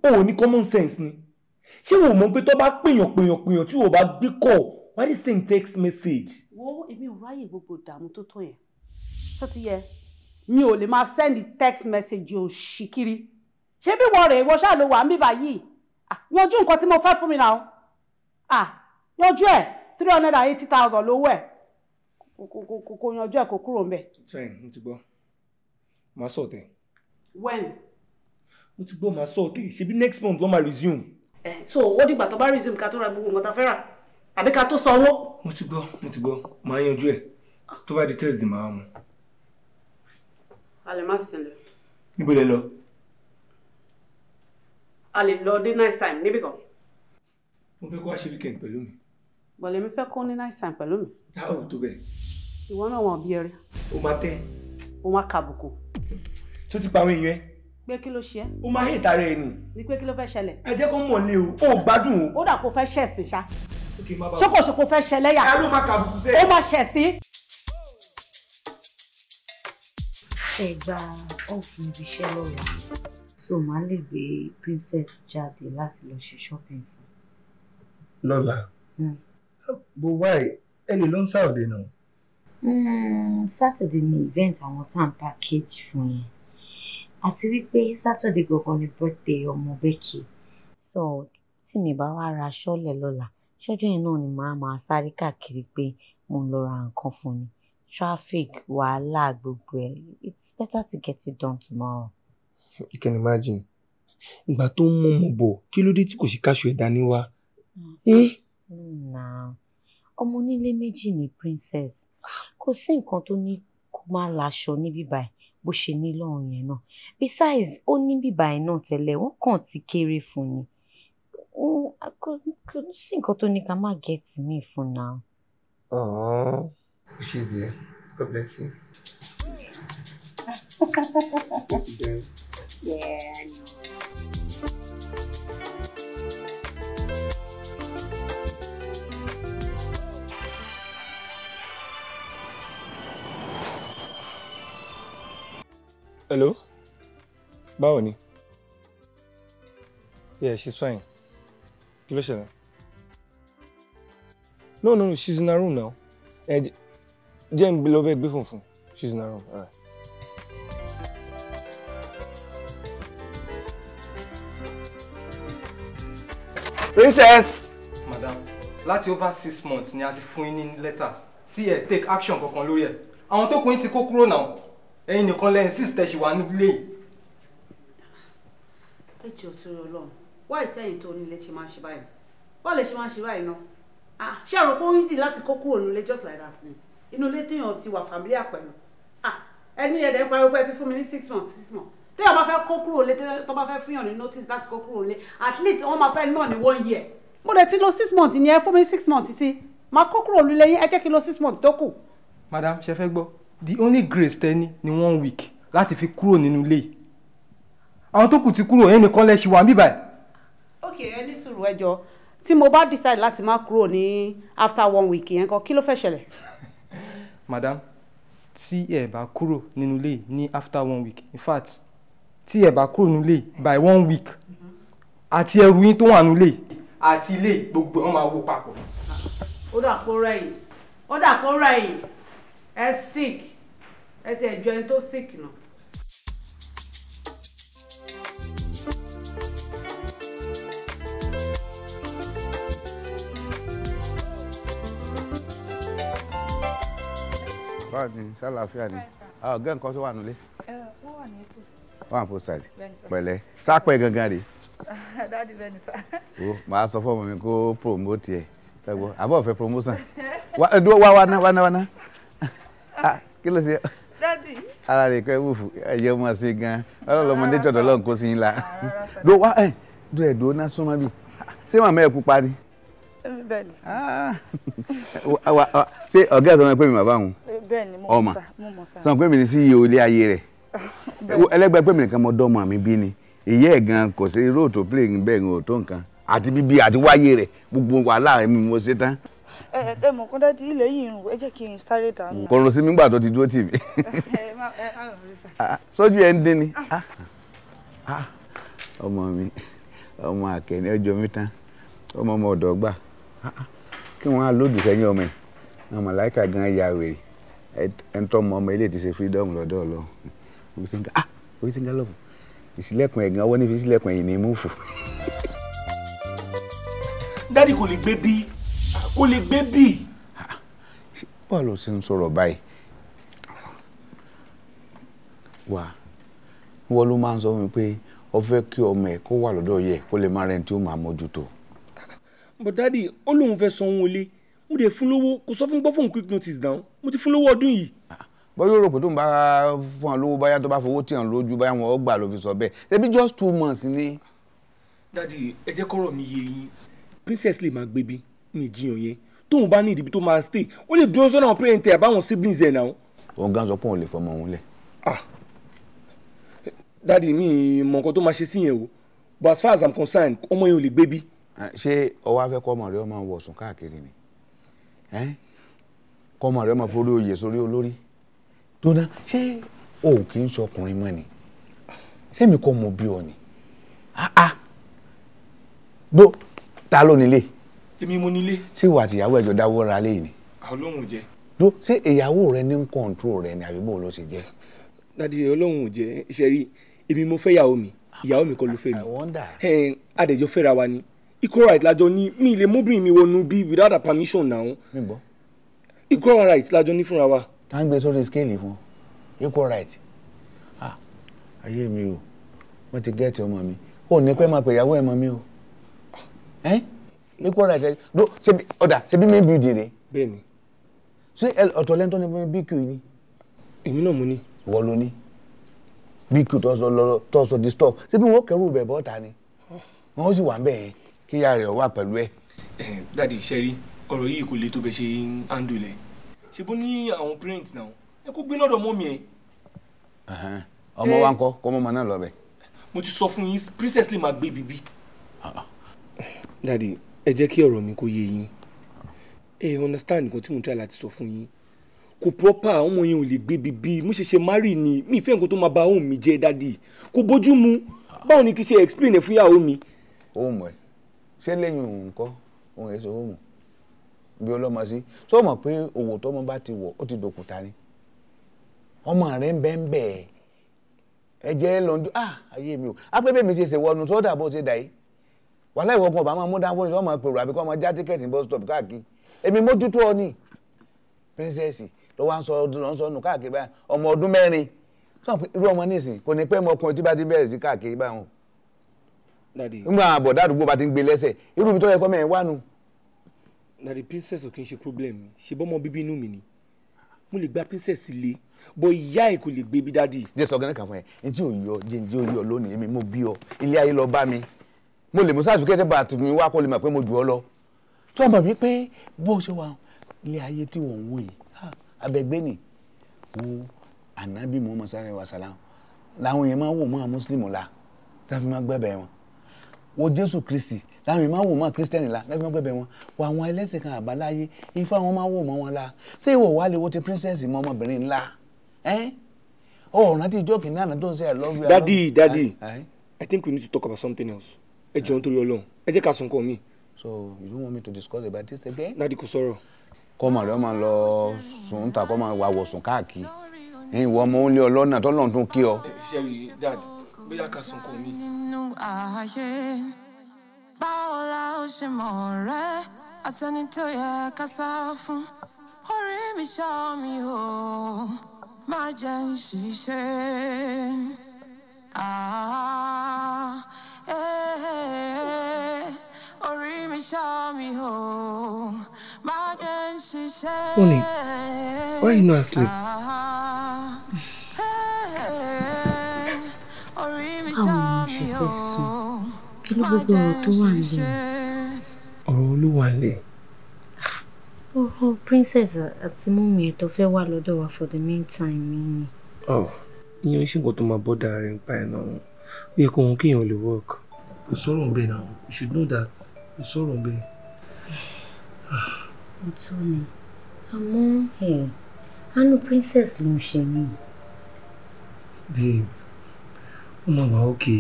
O ò ní common sense ni. Ṣé wo mọ̀ pé tó bá pèèyàn pèèyàn pèèyàn tí o bá gbé kọ̀ why dey send text message? Wo èmi ò ráyè gbogbo ìdààmú tó tó yẹn. Ṣé ti yẹ? Mi ò lè máa send text message o ṣì kiri. Ṣé bí wọ́n rèé wọ́n ṣáà ló wà ń bíbá yìí? Yanjú nǹkan tí mo fẹ́ fún mi náà. Yanjú ẹ̀ three hundred and eighty thousand lówó ẹ̀. Kò yanjú ẹ̀ kò kúrò ń bẹ̀. Fẹ́ẹ̀ mo ti gbọ́ màá sọ̀tẹ̀. when. mo ti gbọ́ màá sọ̀tẹ̀ ṣebí next month wọ́n máa resume. ẹ eh, so ó dìgbà tó bá resume ká tó ra gbogbo nǹkan tá a fẹ́ rà àbí ká tó sanwó. mo ti gbọ́ mo ti gbọ́ màá yanjú ẹ̀ tó bá di thursday màá mu. a lè má sílẹ̀. níbo lẹ lọ. a lè lọ dé nice time níbì kan. mo fẹ́ kó wá ṣe weekend pẹ̀lú mi. bọ̀lẹ̀ mi fẹ́ kó ní nice time pẹ̀lú mi. táwọn ò tó bẹ́ẹ̀. ìwọ náà wọn ò bí ẹrẹ. ó máa tẹ́ òun á kàbùkù. tó ti pa àwọn èèyàn ẹ. pé kí ló ṣe é. ó máa hẹ́ ìtara ẹ nì. ni pé kí ló fẹ́ ṣẹlẹ̀. ẹ jẹ́ kó mọ̀ lé o ó gbádùn o. ó dà kó fẹ́ ṣẹ̀sìn ṣá. ṣé kò ṣe kó fẹ́ ṣẹlẹ́yà. ẹ ló máa kàbùkù sẹ́yìn. ó máa ṣẹ̀sìn. ẹ gba ọ̀fun ibiṣẹ́ lọ́la so màá lè gbé princess jáde láti lọ ṣe shopping fún. lọ́la hmm. bó wáì ẹni ló ń sáwọ́dé náà. Hmm, saturday ni event àwọn tá à ń package fún yẹn àti wípé saturday gangan ni birthday ọmọ Becky so tí mi bá wá ra aṣọ́lẹ̀ lọ́la ṣọ́jọ́ yẹn náà ni màá máa sáré káàkiri pé mo lọ ra nǹkan fún ni traffic wàhálà gbogbo ẹ̀ it's better to get it done tomorrow. you can imagine ìgbà tó ń mú mu bọ̀ kí ló dé tí kò sí káṣọ ẹ̀dá ní mm-hmm. eh? hmm, ọmọ onílé méjì ni princess kò sí nǹkan tó ní kó má láṣọ níbí báyìí bó ṣe ní lọ́rùn yẹn náà besides ó ní bíbá ẹ̀ náà tẹ́lẹ̀ wọ́n kàn ti kéré fún ni kò sí nǹkan tó ní ká má get me fún náà. ọ̀hún ṣe díẹ̀ God bless you. yeah, I know. hello báwo ni yeah she's fine kí ló ṣẹlẹ̀ no no she's in her room now ẹ jẹ́ n lọ bẹ́ẹ̀ gbé fún she's in her room Alright, princess. madam láti over six months ni a ti fún yín ní lẹ́tà tí ẹ take action kankan lórí ẹ̀ àwọn tó kún yín ti kó kúrò náà ẹ̀yin nìkan lẹ́yìn sísítẹ̀ ṣì wà nílé yìí. ẹ jẹ́ òtún ọlọ́run wá ìtẹ́yìn tó nílé ṣe máa ń ṣe báyìí wá lè ṣe máa ń ṣe báyìí náà ah, ṣé àrò pé ó ń sì láti kó kúrò nílé just like that ni inú ilé téèyàn ti wà familiar pẹ̀lú ah, ẹni ẹ̀dẹ̀ ń pariwo pé ẹ ti fún mi ní six months six months téèyàn bá fẹ́ kó kúrò lé tó bá fẹ́ fúnyàn ní notice láti kó kúrò lé at least wọ́n máa fẹ́ náà ní one year mo dẹ̀ ti lò six months ni ẹ fún mi six months sí máa kó kúrò nílé yín ẹ jẹ́ kí n lò six months tó kù. madam ṣe fẹ́ gbọ́ the only grace tẹ́ni ni one week láti fi kúrò nínú ilé yìí àwọn tó kù ti kúrò ẹnì kan lẹ́sìn wà mí báyìí. ok ẹ ní sùúrù ẹjọ tí mo bá decide láti má kúrò ní after one week yẹn kan kí ló fẹ́ ṣẹlẹ̀. madam tí ẹ bá kúrò nínú ilé ní after one week in fact tí ẹ bá kúrò nínú ilé by one week àti ẹrù yín tó wà nínú ilé àti ilé gbogbo wọn máa wó papọ̀. ó dà kó rẹ̀ yìí ó dà kó rẹ̀ yìí ẹ sick ẹ ti ẹjọ ẹni tó sick náà. báwo ni ṣàlàáfíà ni ọgá nǹkan tó wà nílé. wọ́n wà ní post. wọ́n wà ní post side pẹ̀lẹ́ sápẹ́ gangan rèé dadi bẹ́ẹ̀ ni sá. o màá sọ fún ọmọ mi kó promote ẹ tẹgbọ àbọ̀ fẹ́ promotion wá wá wá ná wá ná wá ná ah, kí ló ṣe dádì. ara rẹ̀ kọ́ ẹ̀wù ẹ̀yẹ ọmọ ṣe gan ọlọ́lọ́mọdé jọ̀dọ̀ lọ́n kó sí yín la ló wá ẹ̀ dùn ẹ̀dùn ó ná súnmọ́ bí ṣé màmá ẹ̀ pupa ni. bẹ́ẹ̀ni. Ah. ṣé ọ̀gá ẹ̀ sọ ma pé mi bàbá òun. Eh, bẹ́ẹ̀ni mo mọ̀ sá mo mọ̀ sá. sọ pé mi ní sí iye olé ayé rẹ̀ ẹlẹ́gbẹ́ pé mi nìkan mọ dọ́mọ mi bí ni ìyá ẹ̀ gan kò sí róòtò plé bẹ́ẹ̀ ni ò tó nǹkan àti bíbí àti wáyé rẹ̀ gbogbo wàhálà mi mo ṣe tán ẹ ẹ mọ̀ kọ́ńdá ilẹ̀ yìí rùn ẹ jẹ́ kí n sáré dànù. kò rùn sí mi gbà tó ti dúró tì mí. Ah, sójú ẹ ń dín ni ah, ah, ọmọ mi ọmọ mi tán ọmọ ọmọ ọ̀dọ́ gbà kí á ọmọ gan ya wèrè ń tọ́ ọmọ ọmọ ilé ti ṣe fírídọ́ọ̀mù lọ́dọ̀ ọlọ́run òbí ti ń ga ga ìsílẹ̀kùn ọwọ́ ìsílẹ̀kùn ẹ̀yìn dádì kò lè gbé o lè gbé bì. bọ́ọ̀lù ti ń sọ̀rọ̀ báyìí wà wọ́n ló máa ń sọ fún mi pé ó fẹ́ kí ọmọ ẹ̀ kó wà lọ́dọ̀ yẹ kó lè má rẹni tí ó máa mójútó. but daddy ó lóun fẹ́ san òun lé mo dé fún lówó kò sọ fún gbọ́ fún quick notice dáhùn mo ti fún lówó ọdún yìí bọ́ yóò rò pé tó ń bá fún ọ lówó báyà tó bá fowó tí ò ń lójú báyà wọn ó gbà ló fi sọ bẹ́ẹ̀ ṣebí just two months ni. dadi ẹ jẹ́ kọ́rọ̀ mi yé yín princess lè máa gbé bí mi jiyàn yẹn tóun bá ní ìdìbò tó máa stay ó lè dúró sọ́nà parent ẹ̀ àbáwọn siblings ẹ̀ náà. òun gan sọ pé òun lè fọmọ òun lẹ. ah dadi mi mọ nǹkan tó máa ṣe sí yẹn o but as far as i'm concerned ọmọ yẹn ò lè gbé bí. Ah, ṣé ọwọ́ afẹ́ kọ́ ọmọ rẹ ọmọ wọ̀sùn káàkiri ni kọ́ ọmọ rẹ ọmọ forí oyè sórí olórí tó ná ṣé òun kì í ṣọkùnrin mọ́ ni ṣé mi kọ́ mo bí ọ ni ah ah do ta ló nílé èmi mo nílé. ṣé ìwà àtìyàwó ẹjọ dáwọ́ ra lé ni. ọlọ́run jẹ. ló ṣé ìyàwó rẹ ní kọ́ńtró rẹ ni àbí bò ló ṣe jẹ. dadi ọlọ́run jẹ iṣẹ́ rí èmi mo fẹ́ ìyàwó mi ìyàwó mi kọ́ ló fẹ́ mi. adẹjọ fẹ́ra wa ni equal right lájọ ní mi lè móbìnrin mi wọnú bí without a permission now. equal right lájọ ní fúnra wa. tá à ń gbé sórí scale fún equal right ayé mi o wọ́n ti gẹ́ẹ̀tì ọmọ mi ò ní pẹ́ máa pè ìyàwó ẹ̀ mọ́ mi o ní Kwara ìtẹ́jú ló ṣebí ọ̀dà ṣebí main building rẹ̀. bẹ́ẹ̀ni. ṣé ọ̀tọ̀ lẹ́ńtọ́ ni bq ni. èmi náà mo ní. ìwọ ló ní bq tó sọ lọ tó sọ di store ṣebí wọn kẹrù bẹ̀ bọ́ ta ni wọn sì wà ń bẹ̀ yẹn kí ìyá rẹ̀ wà pẹ̀lú ẹ̀. dadi sẹ́rí ọ̀rọ̀ yìí kò le tó bẹ́ẹ̀ ṣe ń handle ẹ̀ ṣe bó ní àwọn print náà ẹ kó gbé lọ́dọ̀ mọ́ ẹ̀. ọmọ wa ń kọ́ kó náà lọ bẹ̀. mo ti sọ fún yín princess lè máa gbé bíbí. Ah, ah. dadi ẹ jẹ́ kí ọ̀rọ̀ mi kó yé yín ẹ understand nǹkan tí mo ń try láti sọ fún yín kò proper ọmọ yẹn ò lè gbé bíbí mo ṣẹ̀ṣẹ̀ marry ni mi ìfẹ́ nǹkan tó máa ba ohun mi jẹ́ dádì kò bójú mu báwo ni kí ṣe explain ẹ̀ fún ìyàwó mi. ohun ẹ ṣé lẹ́yìn òun kọ́ òun ẹ̀ sọ ohun bí ọlọ́mọ sí sọ mọ̀ pé òwò tọ́mọ bá ti wọ̀ ó ti dòkúta ni ọmọ rẹ̀ ń bẹ́ẹ̀ ń bẹ́ẹ̀ ẹ̀jẹ̀ lọ́ndún ah ayé mi ò á pé bẹ́ẹ̀ mi ṣe ṣe wọnú tó dà bó ṣe dà yìí wàhálà ìwọ gan ọba máa mú dáńfó ní ọmọ pèrò àbíkọ́ ọmọ já tíkẹ́ẹ̀tì ní bus stop káàkiri èmi mójútó ọ ni píríncẹ́sì ló wá ń sọ ọdún lọ́n sọ nù káàkiri báyìí ọmọ ọdún mẹ́rin sọ pé irú ọmọ nísìn kò ní pẹ́ mọ ọkùnrin tí bá ti bẹ̀rẹ̀ sí káàkiri báyìí nígbà àbọ̀dá àdúgbò bá ti ń gbé lẹ́sẹ̀ irú ibi tó yẹ kọ́ mẹ́rin wá nu. na the princess ò kí n ṣe problem ṣe bọ́mọ bíbí inú mi ni mo lè gba princess ilé bó ìyá ẹ kò lè gbé bí dáàdi. jésù ọgẹ́rẹ́ kan fún ẹ ní tí ò yọ jẹ́ ní tí ò yọ lónìí èmi mo bí ọ ilé ayé lọ bá mi mo lè mú certificate bàtì mi wá kó lè mọ̀ pé mo jù ọ lọ tó mọ̀ mí pé bó ṣe wà ilé ayé tí wọ́n wò yìí abẹ́gbé nì wo ànábì Muhammad sallallahu alaihi wasallam làwọn yẹn máa wò mọ́ àwọn mùsùlùmí la tàbí máa gbẹ́bẹ̀ wọn wo Jésù Kristi láwọn yẹn máa wò mọ́ àwọn la tàbí máa gbẹ́bẹ̀ wọn wo àwọn ẹlẹ́sìn kan àbáláyé ifá wọn máa wò mọ́ wọn la ṣé ìwọ wà lè wo ti princess mọ́ ọmọbìnrin ńlá ẹ́ ọ̀ràn tí ìjọ kìnìún àná tó ń ṣe I love dadi dadi I think we need to talk about something else ẹ jọ nítorí Ọlọ́run ẹ jẹ́ ká sọ mi. so you don't want me to discuss about this again. dadi kò sọ̀rọ̀. kọ́mọ rẹ máa lọ sùn ta kọ́mọ wà wọ̀sùn káàkiri ìwọ ọmọ òun lé ọlọ́nà tọ́lọ́n tún kí ọ. sẹ́rí dad bóyá ká sọ nǹkan mi. báwo la ó ṣe mọ̀ rẹ́ àtẹni tó yẹ ká sá fún orí mi ṣọ́ mi o má jẹ́ ń ṣiṣẹ́. Ah, Eh, orí mi ṣá mi o má jẹ́ ń ṣiṣẹ́. Honey, why you no asleep? Ah, eh, orí mi ṣá mi o má jẹ́ ń ṣiṣẹ́. ọ̀rọ̀ olúwa lè. Oh, oh, princess At mọ́mí moment, tó fẹ́ wà lọ́dọ̀ wa for the meantime mi ni. Ọ̀ oh, ìyẹn to nǹkan tó máa bọ́ dáa rẹ̀ ń ó yẹ kó ohun kéèyàn work. kò sọ̀rọ̀ ń bẹ you should know that kò sọ̀rọ̀ ń bẹ. ọ̀tọ̀ ni àmọ́ àánú princess ló ń ṣe mí. babe ó máa wà ókè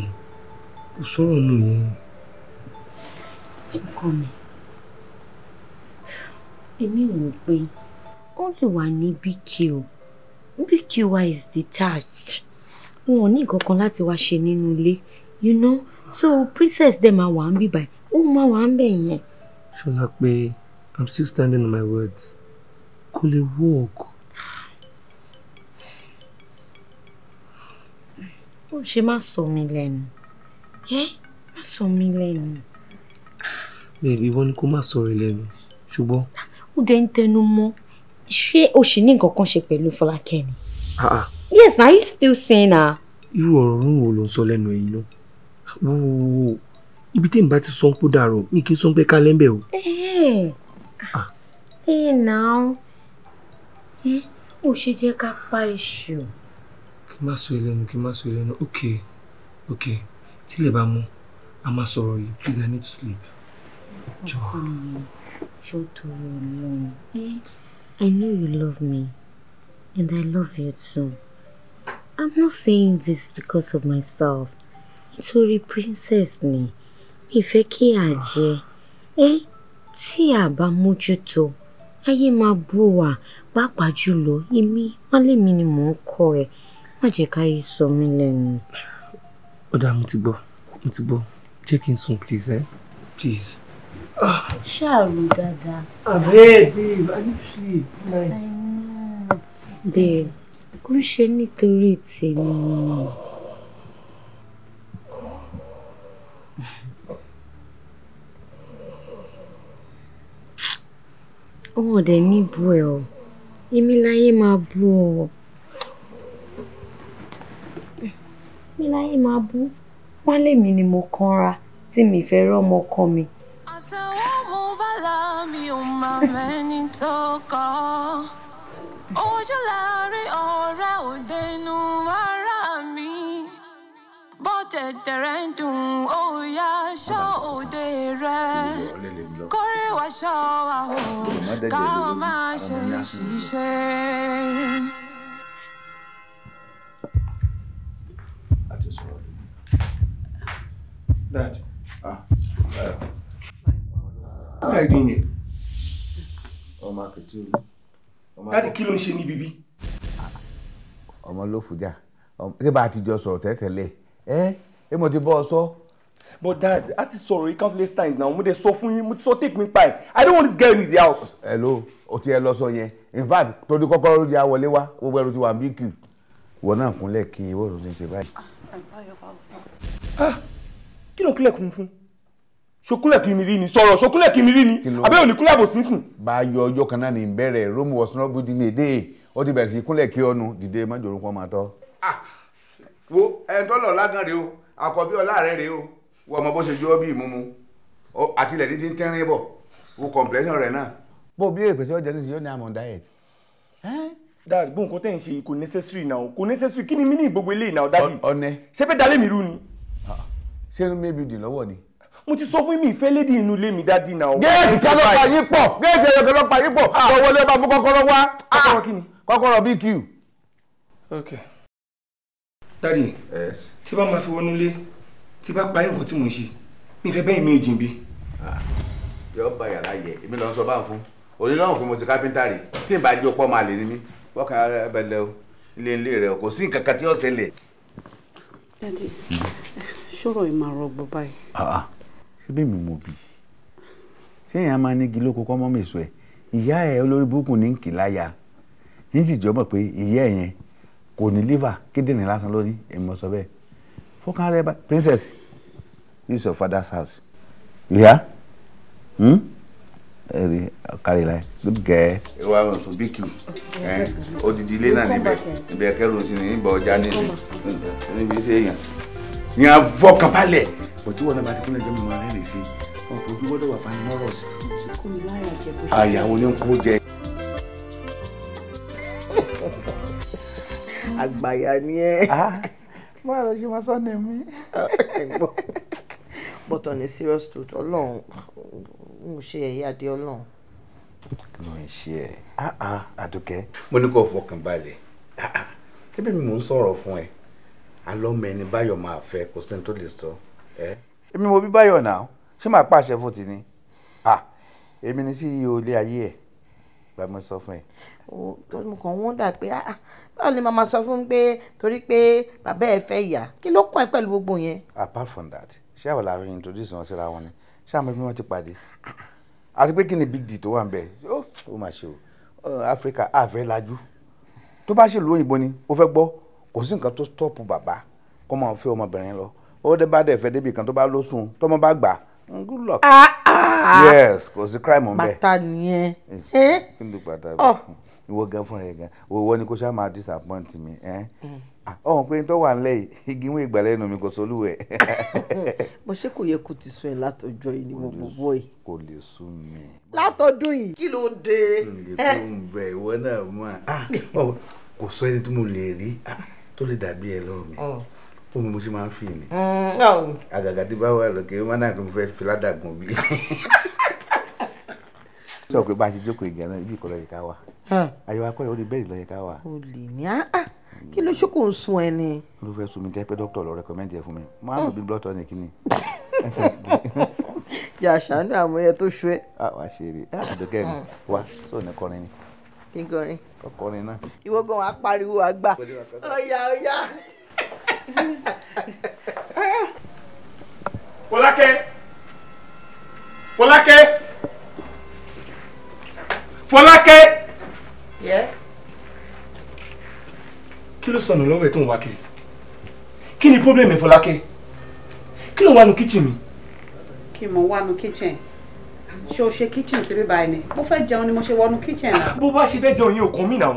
kò sọ̀rọ̀ nù yẹn. ọkọ mi èmi wò pé ó lè wà ní BQ BQ is detached wọn ò ní nǹkan kan láti wá ṣe nínú ilé you know so princess dẹ̀ máa wà ń bì báyìí ó máa wà ń bẹ̀ yẹn. ṣọlá pé i'm still standing on my words kò lè work. ó ṣe má sọ mí lẹ́nu ẹ́ má sọ mí lẹ́nu. bẹ́ẹ̀ni wọn ni kó má sọ rẹ lẹ́nu ṣùgbọ́n. ó dẹ̀ ń tẹnu mọ́ ṣé o ṣì ní nǹkan kan ṣe pẹ̀lú fọlákẹ́ ni. Ah, ah yes na you still sin na. irú ọ̀rọ̀ ọ̀run wo ló ń sọ lẹ́nu ẹ̀yìn náà wò wò ibi tí n bá ti sọ ń kó dàrọ̀ mi kì í sọ ń pẹ́ kálẹ́ ń bẹ̀ o. ẹ ẹ náà ó ṣe jẹ́ ká pa iṣu. kí n má sọ ẹlẹ́nu kí n má sọ ẹlẹ́nu ok ok tílẹ̀ bá mú a máa sọ̀rọ̀ yìí please i need to sleep. jọ̀ọ́. ṣó tó o lọ eh, i know you love me and i love you too. I'm not saying this because of myself. Nítorí princess ni, mi fẹ́ kí àjẹ́. Ẹ tí a bá mójútó, ayé máa bú wa, pàápàá jùlọ èmi, Málèmí ni mò ń kọ́ ẹ. Má jẹ́ káyé sọ mí lẹ́nu. Ó mo ti gbọ́, mo ti gbọ́. Jẹ́ kí n sùn, please, eh? Please. Ah. Ṣàrò dáadáa. Abeg, babe, I need sleep. Night. I kò ń ṣe nítorí tèmi wọn ò dẹ̀ ní ẹ̀ o èmi láyé máa bu ọ èmi láyé máa bu wálé mi ni mo kanra tí mi fẹ́ rọ́mọ kan mi. àtàwọn mo bá la mi ò máa mẹ́ni tó kọ́ ojú láàrin ọ̀rẹ́ òde inú ara mi bọ́ tẹ̀tẹ̀rẹ̀ ń dùn òòyà aṣọ òde rẹ̀ kórè wá aṣọ wa o káwọn máa ṣe ṣiṣẹ́. Dad. Ah. Uh, eh. what are you doing here? Oh, my God dáàdì kí ló ń ṣe níbi bí. ọmọ ló fújà ṣé bá a ti jọ sọ̀rọ̀ tẹ́tẹ̀lẹ̀ ẹ́ ẹ mọ̀ ti bọ́ ọ sọ. but dad a ti sọ̀rọ̀ yìí countless times now mo dẹ̀ sọ fún yín mo ti sọ take me pa ẹ̀ i don't want this girl in the house. hello o ti ẹ lọ sọ yẹn in fact torí kọ́kọ́rọ́ di awọlé wa gbogbo ẹrù ti wà bí kì wọ náà kúnlẹ̀ kí ìwọ òrùn ti ṣe báyìí. Ah, ah, kí ló ń kílẹ̀kùn fún? ṣokúlẹ̀ kí mi rí ni sọ̀rọ̀ ṣokúlẹ̀ kí mi rí ni abẹ́ òní kúlẹ̀ àbò sínsìn. bá a yọ ọjọ́ kan náà ní bẹ̀rẹ̀ rome was not good in a day ó ti bẹ̀rẹ̀ sí kúnlẹ̀ kí ọnu dìde má jòrò kan máa tọ́. Ah, wo ẹni tó lọ lágàn rèé o àkọ́bí ọlá rẹ̀ rèé o wọ ọmọ bó ṣe jọ bí ìmúmu àtìlẹ̀ ní ti ń tẹ́rín bọ̀ wo kọ̀m̀plẹ́sàn rẹ̀ náà. bó o bí pèsè ọjà nísìnyí ó ní àmọ̀ diet. dad gbọ́n nǹkan tẹ́ ń ṣe kò necessary náà kò necessary kí ni mí ní gbogbo eléyìí náà dadi ṣé fẹ́ dalé mi rú ni. Ah, ṣé mi bí dì lọ́wọ́ ni mo ti sọ fún mi ìfẹ́ lédi inú ilé mi dáàdi náà. géètì kọlọpàá yìí pọ̀ géètì ẹ̀rọ kọlọpàá yìí pọ̀ ah. ọwọ́ lè máa mú kọ́kọ́rọ́ wá. kọ́kọ́rọ́ ah. kí ni. kọ́kọ́rọ́ bq. ok dáàdi tí bá máa fi wọnú ilé tí bá parí nǹkan tí mò ń ṣe mi ìfẹ́ bẹ́ẹ̀ mi ò jìn bí. Ah. yọ ọba yàrá yẹ èmi lọ sọ báwọn fún òní lọ́hùn fún mo ti kápẹ́ńtà rè tí ìbá jó pọ́ máa lè ní mí wọ́kàn o ilé ilé rẹ̀ kò sí nǹkan kan tí yóò ṣẹlẹ̀. dáàdi síbí mi mo bì ṣé èèyàn máa ní igi lóko kọ́ mọ́mọ́ èso ẹ̀ ìyá ẹ̀ olórí burúkú ní nkì láya ní sì jọ́mọ̀ pé ìyá ẹ̀ yẹn kò ní liver kíndìnrín lásán lónìí èmi mo sọ bẹ́ẹ̀ fọkàn rẹ bá princess this is your father's house ìyá ẹ̀rí kárí láì ló gẹ̀ ẹ́. ẹ wá wọn sùn bíkì odidi ilé náà níbẹ̀ ìbẹ̀kẹ́rù sí ní ìbọ̀ ọjà níbi níbi iṣẹ́ èèyàn yẹn afọkànbalẹ̀ bọ̀ tí wọn náà bá ti kúnlẹ̀ jẹ́ mọ̀ ẹ́ lè ṣe ọkọ̀ ojú gbọ́dọ̀ wà fáyín lọ́rọ̀ sí. àyàwó ni ń kó jẹ. àgbàyà ni ẹ. Ah, mo rà lọ́jọ́ máa sọ́nà mi. bọ́tọ̀ ni serious note, ọlọ́run ń ṣe ẹ̀yà dé ọlọ́run. kí ló ń ṣe ẹ ah, ah, Àdùkẹ́. mo ní kó fọkàn balẹ̀ kébí mi mò ń sọ̀rọ̀ fún ẹ alọ́mọ ẹni báyọ̀ máa fẹ́ kò sí ní tó lè sọ. èmi mo bí báyọ̀ náà ṣé màá pàṣẹ fún ti ni èmi ni sí e ilé ayé ẹ̀ gba mi sọ fún ẹ. mo kàn wọ́n dà pé ah, ah, báwo ni màmá sọ fún mi pé torí pé bàbá ẹ fẹ́ yà kí ló kàn ẹ́ pẹ̀lú gbogbo yẹn. apart from that ṣé àwọn làwọn introduce wọn síra wọn ni ṣé àwọn ẹbí wọn ti pàdé àti pé kí ni big d tó wà ń bẹ ó mà ṣe o Africa àfẹ́ lajú tó bá ṣèlú òyìnbó ni ó fẹ́ gbọ́ kò sí nǹkan tó stọ́ọ̀pù bàbá kó máa fẹ́ ọmọbìnrin lọ ó dé bá dẹ̀ fẹ́ débi kan tó bá lóṣùn tọ́mọ bá gbà good luck. Ah, ah. yes kò sí crime ọ̀nbẹ. bàtà nìyẹn. Mm. Eh? kí ló bàtà bẹ oh. ìwọ gan fúnra ẹ gan owó ni kò ṣáà máa disappoint mi eh? mm. ah, ọ̀hún pé tó wà nílẹ̀ igi ń wé ìgbàlẹ̀ ẹnu mi kò sólú ẹ̀. mo ṣe kò yẹ kó ti sún ẹ látọjọ́ yìí ni mo bò bọ yìí. kò lè sún mi. látọdún yìí kí ló ń de. kò lè sún bẹ ìwọ náà mọ oh, kò sọ ẹni tí mo lè rí tó lè dàbí ẹ lọ́rùn mi fún oh. mi mo ṣe máa ń fi ni mm, àgàgà tí bá wà lókè ó máa náà tó ń fẹ́ fi ládàgùn bí. sọ pé bá a ṣe jókòó ìgbà náà ibi ìkọlọ yẹ ká wà hmm. àyẹ̀wò akọ́yọ̀ orí bẹ́ẹ̀ lọ yẹ ká wà. o lè ní àá ah, ah. kí ló ṣe kò ń sun ẹ ni. ló fẹ́ sun mi jẹ́ pé dókítà lọ rẹ́kọ̀mẹ́ndì ẹ̀ fún mi máa ń lò bí blọ́tọ̀ ni kí ni yà ṣàánú àwọn ẹyẹ tó ṣe. a wá ah, àdókẹ́ mi hmm. wá sóò ní kọrin ni kí n kọrin. kọkọrin náà. ìwọ gan wa pariwo àgbà ọ̀yà ọ̀yà. Fọlákẹ́ Fọlákẹ́ Fọlákẹ́. yes. kí ló sọnù lọ́wọ́ ẹ̀ tó ń wá kiri kí ni pọ́blẹ́mì Fọlákẹ́ kí ló wà nù kíchìn mi. kí mo wà nù kíchìn ṣe o ṣe kitchen síbí báyìí ni mo fẹ́ jẹun ni mo ṣe wọnú kitchen náà. bó bá ṣe fẹ́ jẹun yìí ò kàn mí náà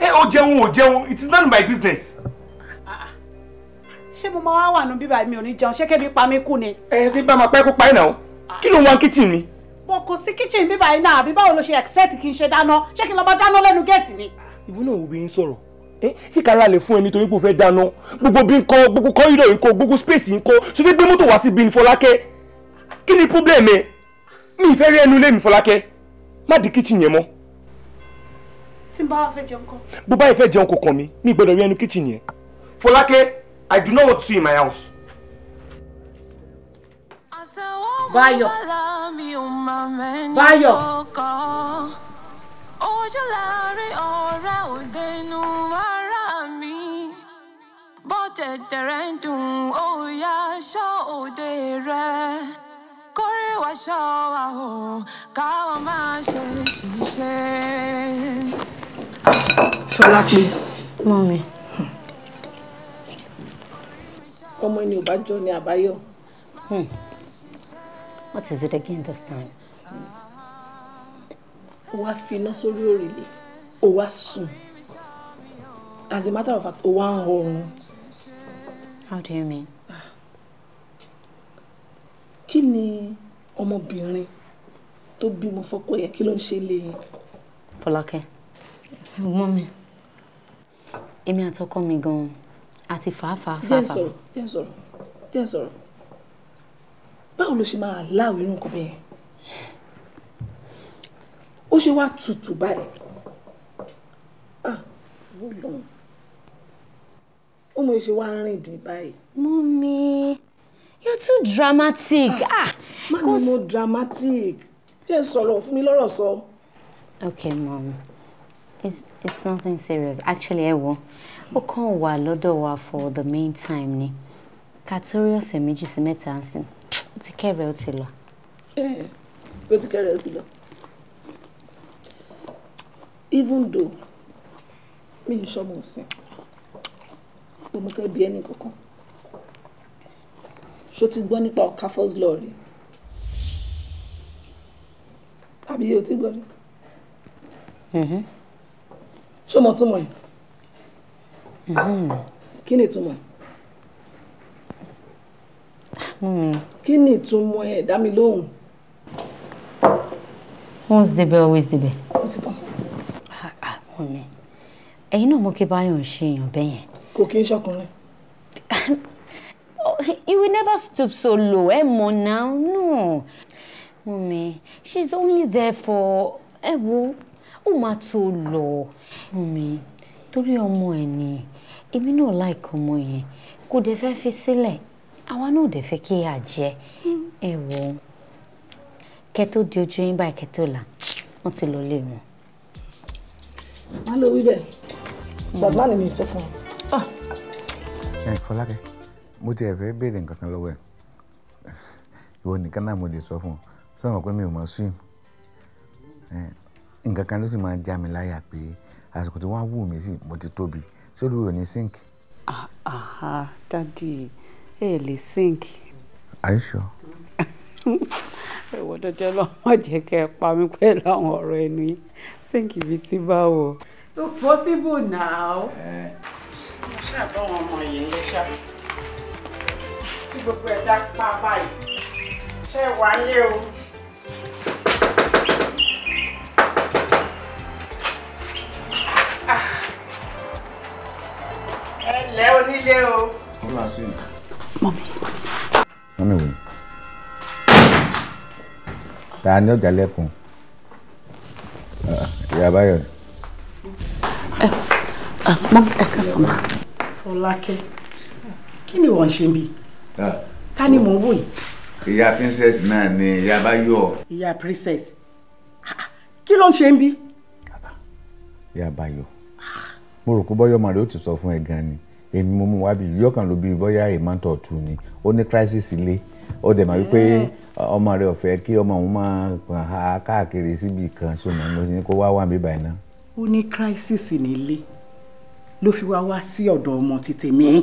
ẹ ò jẹun ò jẹun it is none of my business. ṣé mo máa wá wà nù bíbá mi ò ní jẹun ṣé kébi pa mí kú ni. ẹ ti bá máa pẹ́ kó pa ẹ̀ náà kí ló ń wá kitchen mi. wọn kò sí kitchen bíbá yìí náà àbí báwo ló ṣe expect kí n ṣe dáná ṣé kí n lọ bá dáná lẹ́nu gẹ̀ẹ́tì mi. ìwé náà ò bí ń sọ̀rọ̀ ṣé kára lè fún ẹni torí pé o fẹ́ dáná gbogbo bí nǹkan gbogbo kọ́rídọ̀ nǹkan gbogbo space nǹkan ṣe fẹ́ gbé mọ́tò wá sí bí nfọlákẹ́ kí ni problem ẹ̀ mi ìfẹ́ rí ẹnu mi fọlákẹ́ má di kíchìn yẹn mọ́. tí n bá wá fẹ́ jẹun kọ́. bó bá yẹ fẹ́ jẹun kò kàn mí mi gbọ́dọ̀ rí ẹnu kíchìn yẹn. fọlákẹ́ i do not want to see in my house. báyọ̀ báyọ̀. ojú láàrin ọ̀rẹ́ òde inú ara mi bó tẹ̀tẹ̀rẹ̀ dùn ó yá aṣọ òde rẹ̀. So wa o káwọn máa ṣe ṣiṣẹ́. sọlá pé mọ mi. What is it again this time? ó wá finá sórí òrìlè ó wá sùn as a matter of fact ó wá ń horun. How do you mean? Ah. kí ni ọmọbìnrin tó bímọ fọ́kọ yẹn kí ló ń ṣe lé yẹn. E? fọlákẹ́ ẹ̀gbọ́n mi èmi àtọkọ mi gan-an àti fàáfàá. jẹ́ ń sọ̀rọ̀ jẹ́ ń sọ̀rọ̀ jẹ́ ń sọ̀rọ̀ báwo ló ṣe máa láwọ̀ irú nǹkan bẹ́ẹ̀ ó ṣe wá tutù báyìí ah ó mọ̀ ṣe wá rìn dín báyìí. mú mi you're too dramatic. ah, ah má ni mo dramatic Just sọ̀rọ̀ fún mi lọ́rọ̀ sọ. okay mom it's it's nothing serious actually ẹ wo ó kàn wà lọ́dọ̀ wa for the main time ni ká semiji semeta ansin. méjì sí mẹ́ta ń sìn ó ti kẹ́rẹ̀ẹ́ ó ti lọ. Eh, ó ti kẹ́rẹ̀ẹ́ ó ti lọ. even though mi ń ṣọmọ ọ̀sìn mo fẹ́ bí ẹnì kankan ṣó ti gbọ́ nípa Okafor's law rí àbí o ti gbọ́ rí ṣó mo túmọ̀ ẹ̀ mm-hmm. kí ni ìtumọ̀ ẹ̀ mm-hmm. kí ni ìtumọ̀ ẹ̀ dá mi lóhùn. once the bell always the bell. ó ti tán. Ah, ah, ẹ̀yin náà mo kí báyọ̀ ń ṣe èèyàn bẹ́yẹn. kò kí n ṣọkùnrin. Oh, he will never stoop so low, Emma, eh, now. No. mommy. she's only there for... Ẹ wo, ó máa tó lọ. Mummy, torí ọmọ ẹ̀ If you don't like ọmọ yẹn. could dẹ̀ fẹ́ fi sílẹ̀. Àwa náà to fẹ́ kí a jẹ. Ẹ wo, kẹ́ tó di ojú yín báyìí kẹ́ tó là, wọ́n ti lọ lé wọn. Má lo wí bẹ́ẹ̀. Bàbá mi ní ìsọfún. Ah. Ẹ mo ti ẹ̀ fẹ́ béèrè nǹkan kan lọ́wọ́ ẹ̀ ìwọ nìkan náà mo lè sọ fún ọ sọ ma pé mi ò mọ swim nǹkan kan ló sì máa ń já mi láyà pé àsìkò tí wọ́n á wù mí sí mo ti tóbi sórí ò ní sink. àhà dádì ẹ lè sink. are you sure. ìwọ dọjọ́ lọ má jẹ́ kẹ́ ẹ pa mí pẹ̀lú àwọn ọ̀rọ̀ ẹnu yìí sink ibi tí bá wọ̀. possible now. ẹ ṣáà bá wọn mọ ìyẹn ṣáà gbogbo ẹ̀dá pa báyìí ṣe wà lé o. Ah. ẹ lẹ́ onílé o. mọ̀mí. mọ̀mí wò ni ta ni ọjà lẹ́kùn ah, ìyá báyọ̀. Eh, eh, ẹ ẹ mọ ẹ kẹsàn-án. fọlákẹ́ kí ni wọ́n ń ṣe bíi. Ah. ta ni mò ń wò yìí. ìyá princess náà ni ìyá bá yọ. ìyá princess ah, ah. kí ló ń ṣe ń bí. ìyá bá yọ mo rò pé bọ́yọ̀ màrí ó ti sọ fún ẹ gan ni èmi mo mú wá bí yọkàn ló bí bọ́yá ìmọ̀tọ̀ ọ̀tún ni ó ní crisis ilé ó dẹ̀ máa wípé mm. ọmọ rẹ̀ ọ̀fẹ́ kí ọmọ òun máa kàn á káàkiri síbi kan ṣùgbọ́n mo ti ní kó wá wà mí báyìí náà. ó ní crisis nílé ló fi wá wá sí ọ̀dọ̀ ọmọ títèmí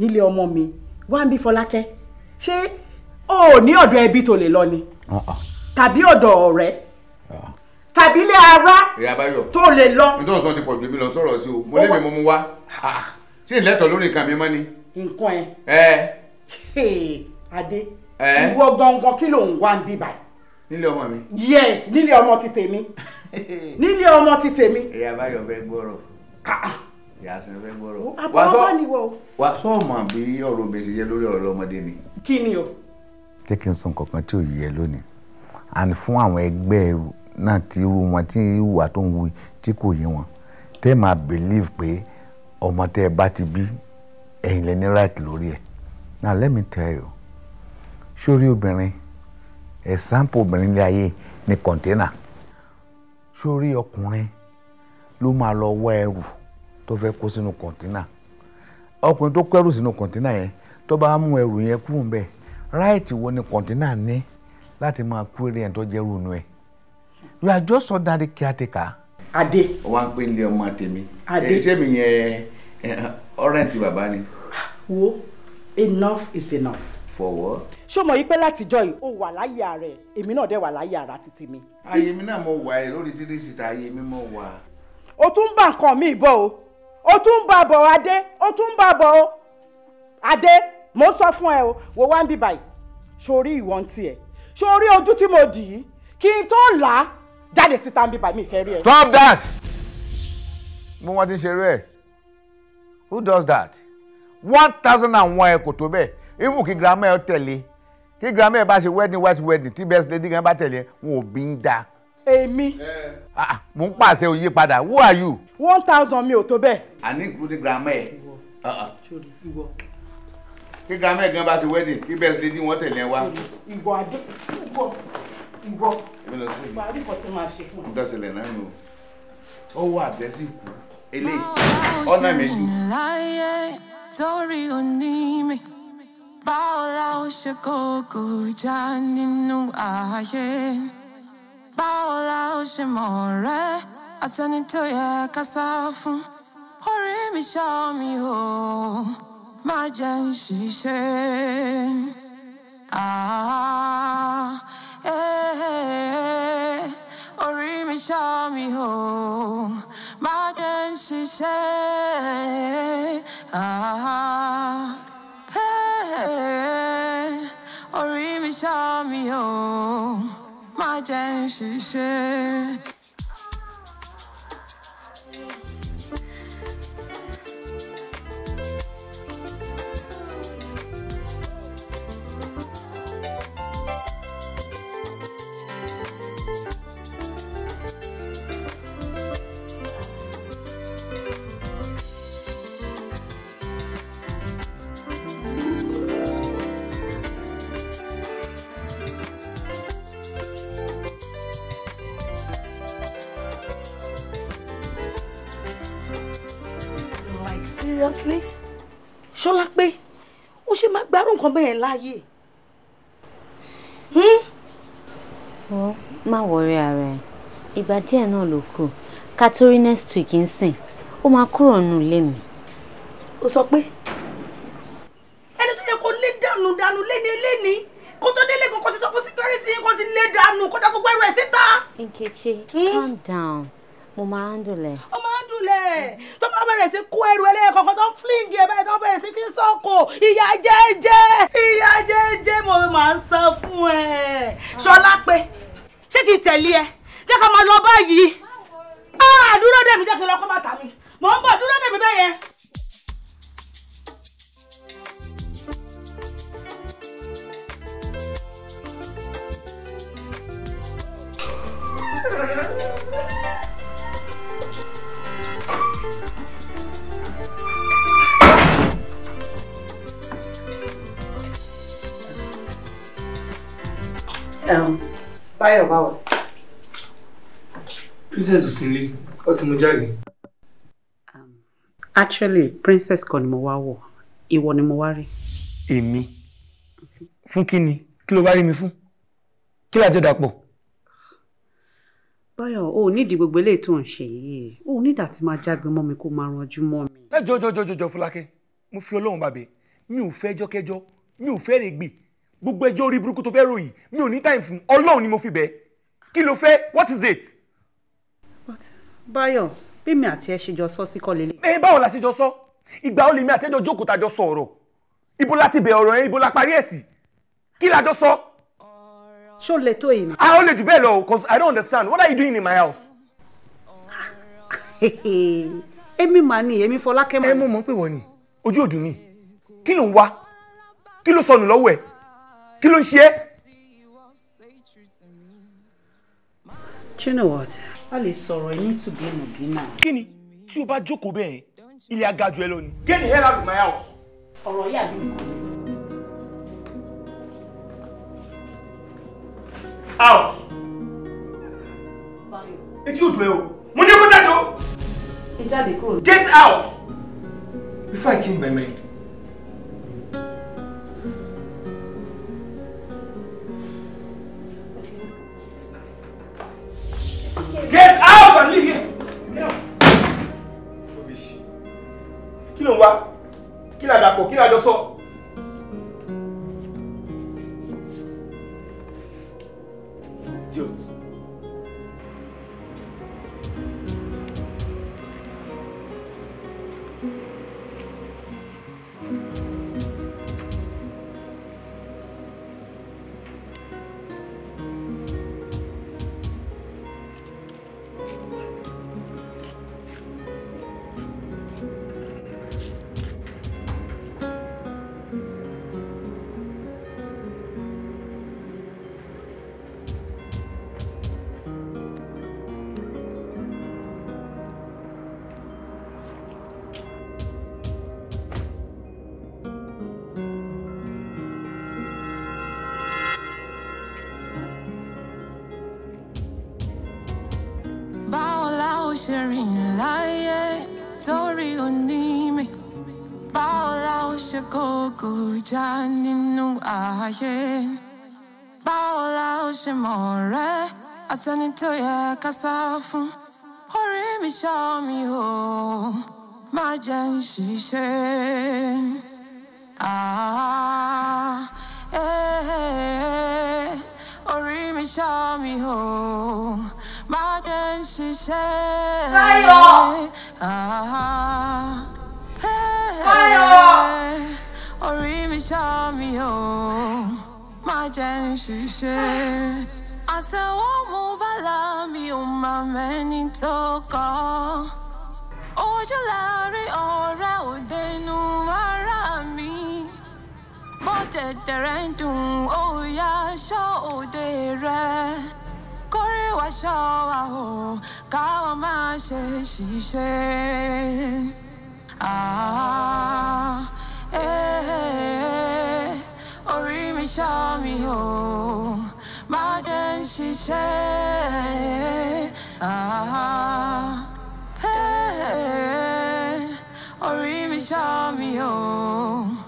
nílé ọmọ mi wá ń bí Fọlákẹ́ ṣé o ò ní ọ̀dọ̀ ẹbí tó lè lọ ni uh-uh. tàbí ọ̀dọ̀ ọ̀rẹ́ uh-uh. tàbí ilé ara tó lè lọ. nítorí sọ ti pọ̀ ju mi lọ sọ̀rọ̀ sí o mo lé mi mo mu wá ṣé ìlẹ́tọ̀ lórí nǹkan mi mọ́ ni. nǹkan ẹ. ẹ adé ìwọ gangan kí ló ń wá ń bí báyìí. nílé ọmọ mi. yes nílé ọmọ ti tèmi nílé ọmọ ti tèmi. ẹ̀yà báyọ̀ bẹ́ẹ̀ gbọ́rọ̀. Ah, ah ìyá sinmi fẹ́ gbọ́rọ̀. àbọ̀ ọmọ ni wọ. wà á sọ ọmọ bí ọ̀rọ̀ bèsè yẹ lórí ọ̀rọ̀ ọmọdé ni. kí ni o. jẹ́ kí n sọ nǹkan kan tí ò yẹ lónìí and fún àwọn ẹgbẹ́ náà tí irú wọn tí ìwà tó ń wu tí kò yé wọn tẹ́ máa believe pé ọmọ tẹ́ ẹ bá ti bí ẹ̀yin lẹ́ni right lórí ẹ̀ now let me tell you sórí obìnrin example obìnrin ilé ayé ní kọ̀ńténà sórí ọkùnrin ló máa lọ wọ ẹrù. E tó fẹ́ kó sínú kọ̀ǹtínà ọkùnrin tó kẹ́rù sínú kọ̀ǹtínà yẹn tó bá mú ẹrù yẹn kúrò ńbẹ̀ ráìtì wo ni kọ̀ǹtínà ní láti máa kú eré yẹn tó jẹ́ rònú ẹ̀ you are just so daddy caretaker. adé. wọ́n á pè ní ọmọ tèmi. adé èyí tèmi yẹn ọ̀rẹ́ ti bàbá ni. wo enough is enough. for what. ṣó mọ̀ yí pé látijọ́ yìí ó wà láyé ààrẹ èmi náà dẹ̀ wà láyé ara títí mi. ayé mi náà mo wà ẹ lórí tírísítà ayé mi mo wà. o tún ń bá nǹkan mi bọ́ o o tún ń bá bọ̀ adé o tún ń bá bọ̀ adé mo sọ fún ẹ o wò wá ń bí báyìí sórí ìwọ ń tiẹ̀ sórí ojú tí mo dì í kí n tó là á jáde síta ń bí báyìí mi ìfẹ́ rí ẹ. stop that mo wọn ti ṣeré ẹ who does that one thousand and one ẹ kò tó bẹ́ẹ̀ even kí grandma ẹ tẹ̀lé kí Grammy ẹ bá ṣe wedding white wedding tí best lady gan bá tẹ̀lé wọn ò bí í dáa èmi. Eh. Ah, mo ń pàṣẹ òye padà who are you. one thousand mi ò tó bẹ́ẹ̀. àní including grandma ẹ̀. kí grandma ẹ̀ gan bá ṣe wedding kí bẹ́ẹ̀ ṣe tí wọ́n tẹ̀lé wa. ìwọ adé ìwọ ìwọ ìwọ àdìkọ̀ tí máa ṣe fún mi. nǹkan ṣẹlẹ̀ náà nù ó wà àdẹ́sí kù eléyìí ọ̀nà méjì. torí o ní mi báwo la ó ṣe kókò já nínú ààyè. Paola Oshimore, I turn kasafu your casafu. show me, shishe. Ah, eh, hurry me, show me, shishe. Ah, 战实些。seriously ṣọlá pé ó ṣe máa gbárùn nǹkan bẹ́ẹ̀ láàyè. Hmm? ọ má wọrí ara ẹ ìgbà díẹ̀ náà ló kù ká tó rí next week ń sìn ó máa kúrò nù ilé mi. ó sọ pé ẹni tó yẹ kó lé dànù dànù léni léni kó tó délé kan kó ti sọ fún security yín kó ti lé dànù kó dá gbogbo ẹrù ẹ̀ síta. Nkechi hmm? calm down mo máa ń dùlẹ̀. ó máa ń dùlẹ̀ tó bá bẹ̀rẹ̀ sí kó ẹrù ẹlẹ́yẹ kankan tó ń flingi ẹ báyìí tó bẹ̀rẹ̀ sí fi ń sọ́kò ìyá jẹ́jẹ́ ìyá jẹ́jẹ́ mo máa ń sọ fún ẹ. ṣọlá pé ṣé kí n tẹ̀lé ẹ jẹ́ ká máa lọ báyìí dúró dè mí jẹ́ kí n lọ kó bàtà mi mò ń bọ̀ dúró dè mí Thank you. Um, báyọ̀ bá princess ò sí ilé ó ti mú jáde. Um, actually princess kan ni mo wá wọ̀ ìwọ ni mo wá rí. èmi fún kí ni kí ló wá rí mi fún kí lájọ dàpọ̀. báyọ̀ o ò nídìí gbogbo eléyìí tó ń ṣe yìí o ò nídàá tí máa jágbe mọ́ mi kó máa ranjú mọ́ mi. ẹ jọjọjọjọ fúlákẹ́ mo fi ọlọ́run bàbẹ̀ mi ò fẹ́ jọ́kẹ́jọ́ mi ò fẹ́ rẹ̀ gbè gbogbo ẹjọ́ orí burúkú tó fẹ́ ròyìn mi ò ní time fún ọlọ́run ni mo fi bẹ́ẹ̀ kí ló fẹ́ what is it. báyọ̀ bí mi àti ẹ ṣe jọ sọ sí kọ́lé. ẹ eh, báwo la ṣe jọ sọ ìgbà ó lè mi àti ẹjọ́ jókòó tá a jọ sọ ọ̀rọ̀ ibo la ti bẹ̀ ọ̀rọ̀ yẹn ibo la parí ẹ̀ sí kí la jọ sọ. ṣó lè tó èyí. a ah, ó lè jù bẹ́ẹ̀ lọ cause I don't understand what are you doing in my house. èmi màá ní èmi Fọlákẹ́ eh, mọ́. ẹ mọ̀ mọ́ pé wọ́n ni ojú òdùn mi kí ló ń wá kí ló sọnù lọ́wọ́ ẹ̀ kí ló ń ṣe é. do you know what a lè sọ̀rọ̀ ẹni tùbí nùbí náà. kí ni tí o bá jókòó bẹ́ẹ̀ ilé aga jù ẹ lọ ni. get the hell out of my house. ọ̀rọ̀ yà mí nǹkan. out. etí ò dùn ẹ o mo ní kó dájọ́. ẹ jáde kúrò. get out before I change my mind. Get out and leave here. Now. Rubbish. kill ló ń wá? Kí la dàpọ̀? Kí la Janinu aye Baola shimore atani ya kasafu Hori mi shami ho Ma jen shishen Ah eh Hori mi shami ho Ma jen shishen Ah maja nshushe asewomubala mi umamenitoko ojulari ọ̀rẹ́ òdenu ara mi bó tẹ̀tẹ̀rẹ̀ ń dùn òòyà aṣọ òde rẹ kórè wàṣọ wa o káwọn máa ṣe ṣiṣẹ́. Ah. me, show me home. My den she said, ah, hey, ori me, show me home.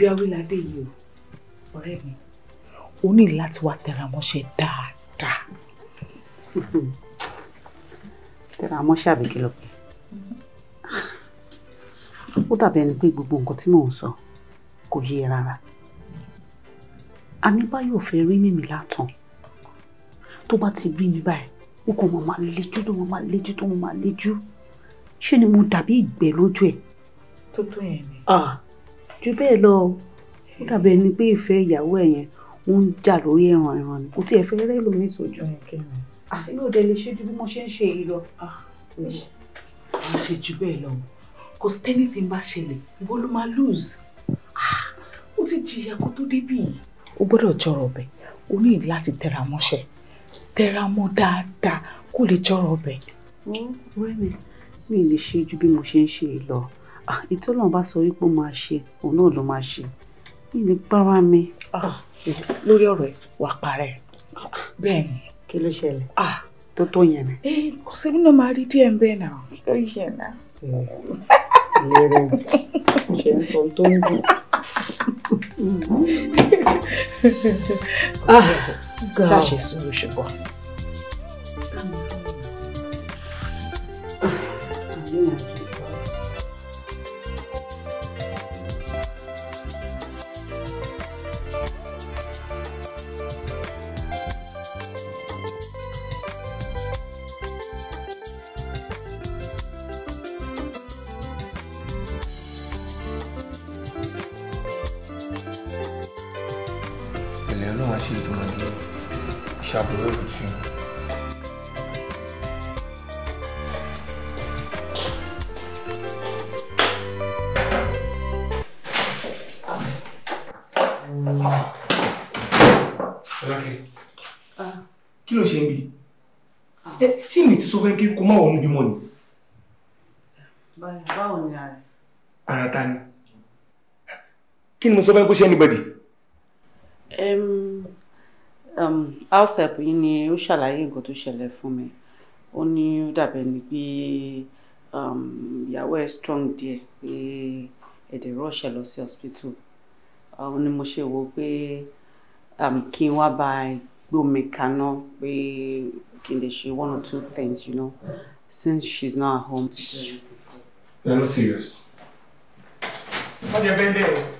ibi awíládé yìí o ọ̀rẹ́ mi o ní láti wá tẹramọ́ṣẹ́ dáadáa. tẹramọ́ṣẹ́ àbí kìlọ̀ pé ó dàbí ẹni pé gbogbo nǹkan tí mò ń sọ kò yé e rárá àní báyọ̀ fẹ́ rí mímí látàn tó bá ti bí mi báyìí ó kàn máa lejú tó máa lejú tó máa lejú ṣé ni mo dàbí ìgbẹ́ lójú ẹ̀. tó tó yẹn ni. Ah! jù bẹ́ẹ̀ lọ ó dàbí ẹni pé ìfẹ́ ìyàwó ẹ̀ yẹn ó ń jà lórí ẹ̀ràn ẹ̀ràn ni kò tiẹ̀ fẹ́ rẹ́rẹ́ lómi ìsojú. inú òde lè ṣe ju bí mo ṣe ń ṣe èyí lọ. má ṣe jù bẹ́ẹ̀ lọ kò sí tẹ́nìtì bá ṣẹlẹ̀ ìwọ ló máa lose ó ti jìyà kó tó débì yìí. ó gbọ́dọ̀ jọrọ̀ ọbẹ̀ ó ní láti tẹra mọ́ṣẹ́ tẹra mọ́ dáadáa kó lè jọrọ̀ ọbẹ̀. ọ̀rẹ́ mi mi lè ṣe ju bí mo ṣe ń ṣe lọ ìtọ́lọ́run ah, bá sọ wípé ó máa ṣe òun náà ló máa ṣe mi ní gbára mi. lórí ọ̀rọ̀ ẹ̀ wàá parẹ́ bẹ́ẹ̀ ni kí ló ṣẹlẹ̀ ah. tó tó yẹn náà. ẹ eh, kò sí nínú máa rí díẹ̀ bẹ́ẹ̀ náà ó yẹn náà. lérò ṣe ń sọ tó ń dùn. Ah, ṣáṣe sùúrù ṣùgbọ́n. Yeah. kí ni mo sọ fẹ́ kó ṣe anybody. house help yìí ni ó ṣàlàyé nǹkan tó ṣẹlẹ̀ fún mi ó ní ó dàbẹ̀ ni pé ìyàwó ẹ̀ strong díẹ̀ pé ẹ̀dẹ̀ rọ́ọ̀ṣẹ̀ lọ sí hospital ó ní mo ṣe wo pé kí n wá bá gbómi kaná pé kí n lè ṣe one or two things you know since she's not at home. They're not serious. Wọ́n jẹ bẹ́ẹ̀ bẹ́ẹ̀ o.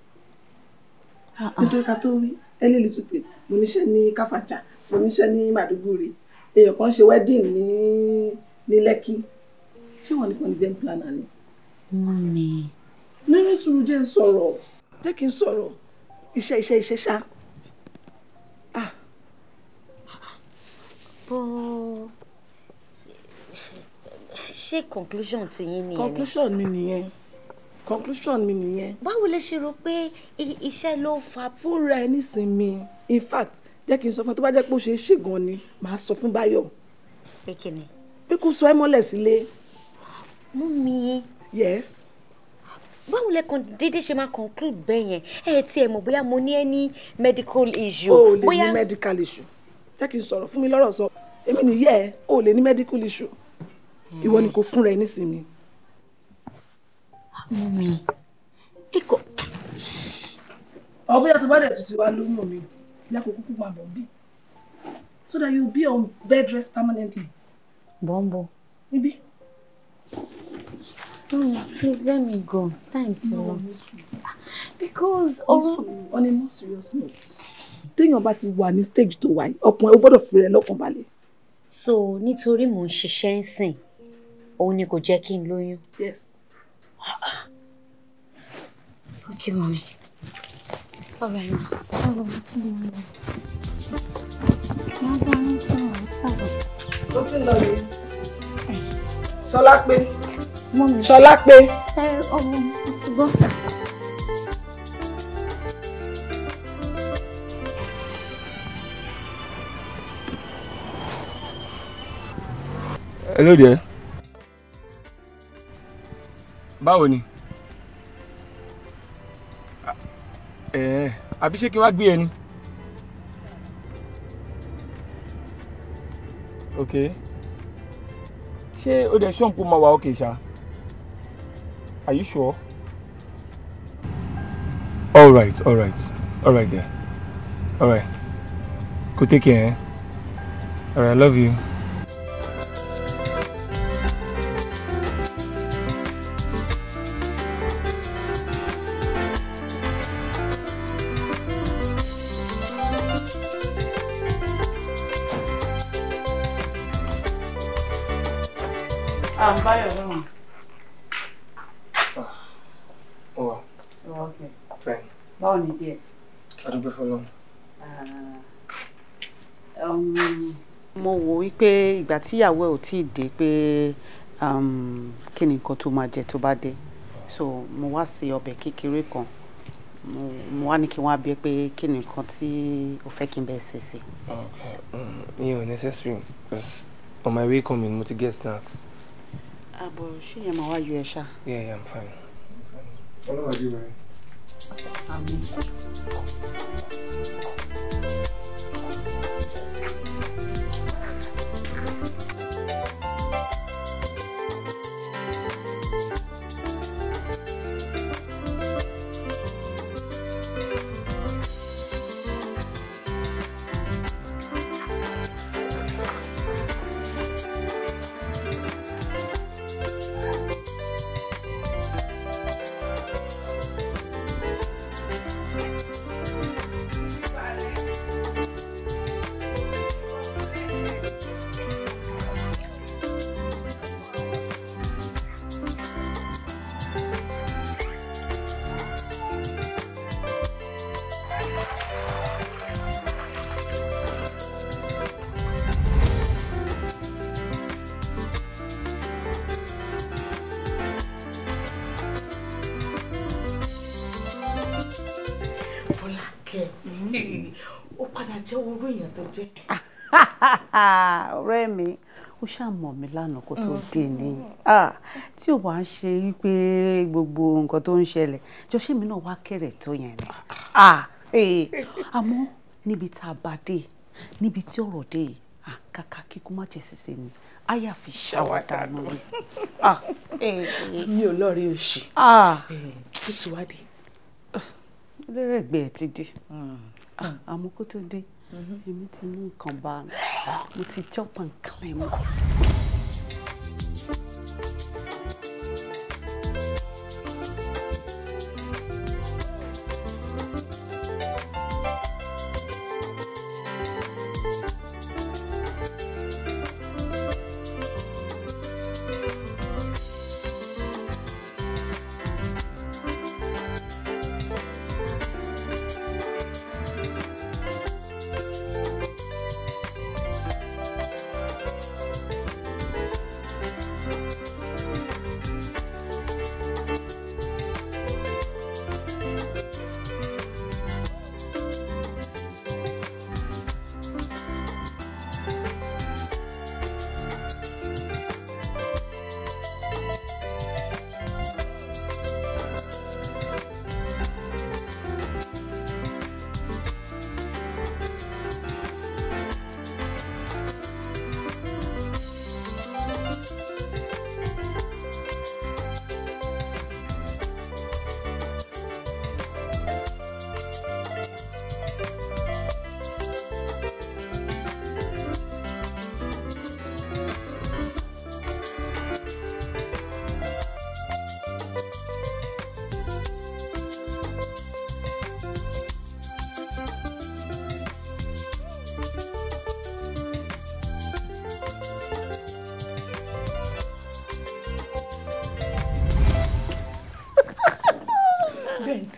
Ah, ah. nítorí ká tó wí ẹlẹ́lì tùtè mo níṣẹ́ ní káfàjà mo níṣẹ́ ní màdúgùrì èèyàn kan ṣe wedding ní ní lẹ́kì ṣé wọ́n nìkan ní bẹ́ẹ̀ planner ni. wọ́n ní. lẹ́yìn sùúrù jẹ́ ń sọ̀rọ̀ jẹ́ kí n sọ̀rọ̀ iṣẹ́ iṣẹ́ iṣẹ́ ṣá. Ah. bó ṣe conclusion ti yín nìyẹn. conclusion mi nìyẹn conclusion mi nìyẹn. báwo lè ṣe rò pé iṣẹ́ ló fà. fúnra ẹ nísìnyí in fact jẹ́ kí n sọ fún ẹ tó bá jẹ́ pé ó ṣe é ṣe gan ni màá sọ fún Báyọ̀. pé kí ni. pé kó sọ ẹ mọ́lẹ̀ sílé. mú mi. yes. báwo lẹ kàn déédéé ṣe máa conclude bẹ́ẹ̀ yẹn ẹ tiẹ̀ mọ̀ bóyá mo ní any medical issue. o lè ní medical issue jẹ́ kí n sọ̀rọ̀ fún mi lọ́rọ̀ sọ èmi nìyẹ́ ẹ o lè ní medical issue ìwọ ni kò fúnra ẹ nísìnyí Mọ́mí, ikọ̀. Ọ̀bí àti Bádẹ̀ tuntun wa lóyún mi lẹ́kọ̀ọ́ kúkú máa bọ̀ bí. So that you be on bed rest permanently. Bọ̀m̀bọ̀. Níbí. Mọ́mí, please let me go. Time to no, ah, Because ọ̀rọ̀. On a more serious note. Téèyàn bá ti wà ní stage tó wà yìí, ọkùnrin ó gbọ́dọ̀ fi rẹ̀ lọ́kàn balẹ̀. So nítorí mò ń ṣiṣẹ́ ń sìn, òun ni kò jẹ́ kí n lóyún. Yes. Okay, mommy. All right, ma. Ó ti lọ rí. Ṣọlá pé. Ṣọlá pé. Ẹ e, ọmọ mi ti Hello there báwo ni ẹ̀ẹ́ àbí ṣé kí wá gbé ẹni ok ṣé ó dẹ̀ ṣọ́ǹpù máa wà ok ṣá are you sure all right all right all right there all right go take care eh all right i love you. tíyàwó ẹ̀ ò tí ì dé pé um, kí ni nǹkan tó máa jẹ tó bá dé so mo wá sí ọbẹ̀ kékeré kan mo wá ní kí wọ́n á bí pé kí ni nǹkan tí o fẹ́ kí n bẹ́ẹ̀ ṣe sí. ìyẹn ò necessary because on my way coming mo ti get snacks. àbọ̀ ṣé yẹn máa wá yọ ẹ ṣá. yeah yeah i'm fine. ọlọ́run àjẹmọ́ ẹ. dé. ọ̀rẹ́ mi ó ṣàmọ̀ mi lánàá kó tó dé ni mm. tí o wá ń ṣe wípé gbogbo nǹkan tó ń ṣẹlẹ̀ jọ́ṣẹ́ mi náà wá kẹ̀rẹ̀ tó yẹn ni àmọ́ níbi tá a bá dé níbi tí ọ̀rọ̀ dé yìí kàkà kíkú má jẹ́ ṣiṣẹ́ ni aya fi ṣàwádà nù ni. mi ò lọ́ọ̀rí òṣì tútù wá dé. lérègbè ẹ̀ ti dé mm. àmọ́ kó tó dé èmi ti mú nǹkan bá mi mo ti jọ́ pọ̀ nǹkan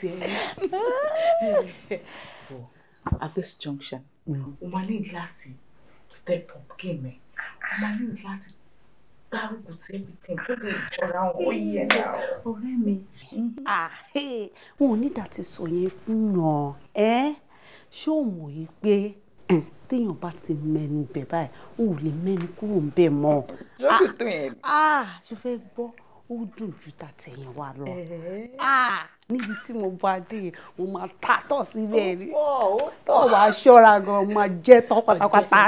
tiẹ̀ at this junction o máa ní step up game ẹ̀ o máa ní láti gbárùkù tí everything tó lè jọra wọn ó yẹ náà. ọ̀rẹ́ mi mm-hmm. wọn ò ní dàtí sọ yẹn fún yàn ẹ́ ṣé o mọ̀ yìí pé téèyàn bá ti mẹ́nu bẹ̀ báyìí o ò lè mẹ́nu kúrò ń bẹ̀ mọ́. lọ́dún ah, tó yẹn. Ah, ṣe fẹ́ gbọ́ ó dùn ju tàtẹ̀yìn wa lọ níbi tí mo bá dé mo máa ta tọ̀ síbẹ̀ ni tó wàá ṣọ́ra gan-an máa jẹ́ tán pátápátá.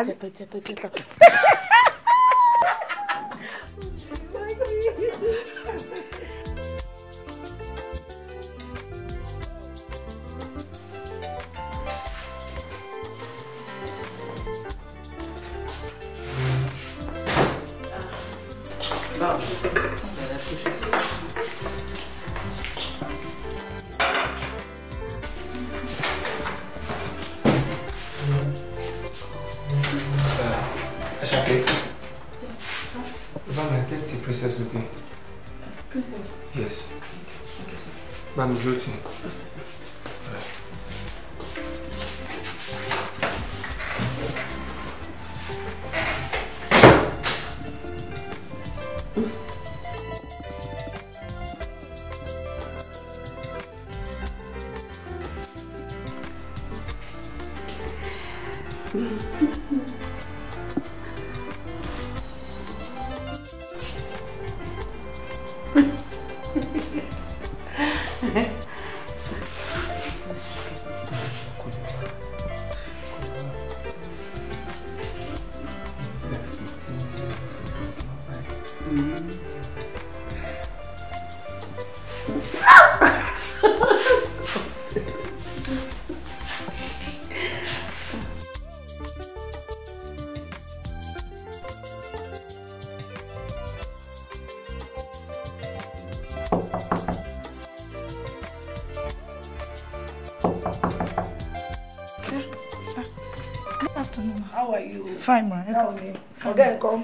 fine ma ẹ kà sí. ọ̀gá ẹ̀ kọ́.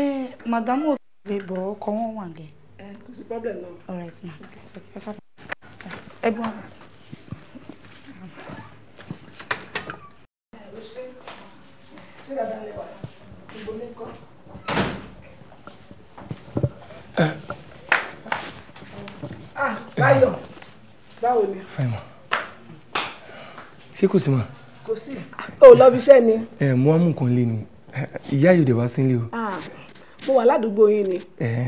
ẹ madam ò lè bọ̀ ọkọ wọn wà lẹ. ẹ kò sí problem náà. all right ma ẹ ká ẹ gbọ́n. Ah, Báyọ̀, báwo ni? Fine ma. Ṣé kò sí ma? ò lọ fi iṣẹ́ ni. ẹ mo wá mú nǹkan lé ni ìyá yóò dé wá sílé o. Ah, mo wà ládùúgbò yín ni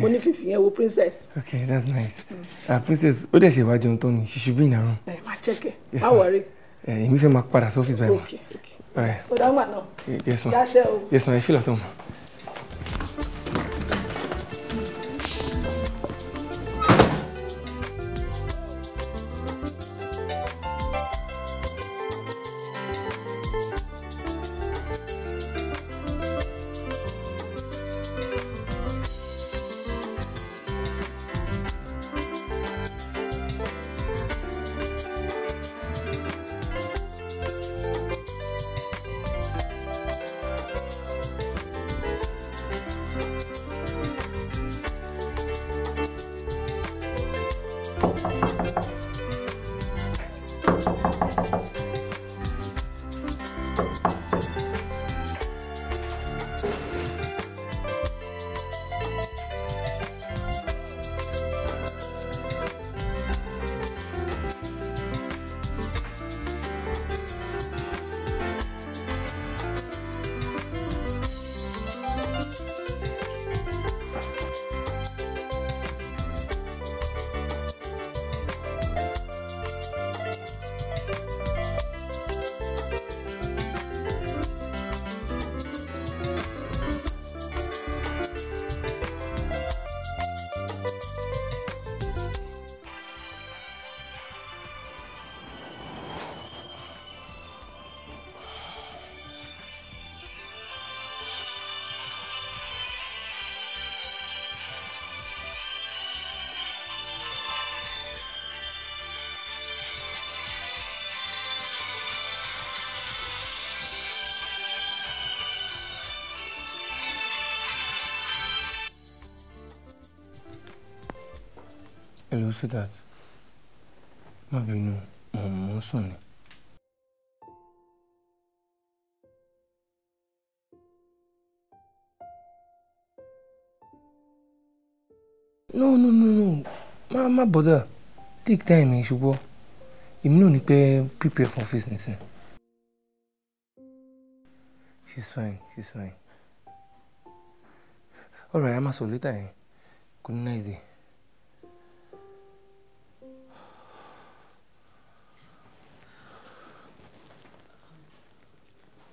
mo ní fífi yẹn wo princess. okay that's nice mm. uh, princess ó dẹ̀ ṣe wá jẹun tán ni she should be in her room. ẹ máa check ẹ má worry. èmi fẹ́ máa padà sí ọ́fíìsì báyìí ma. ọ̀dà wà náà. yes ma yes ma i feel at home. Hello, sweetheart. Má bínú, mo mọ̀ sùn ni. No, no, no, no. Ma, ma bother. Take time ẹ̀ ṣùgbọ́n èmi náà ní pé prepare for face nísìn. She's fine, she's fine. Alright, a máa sọ later yẹn. Good night. Day.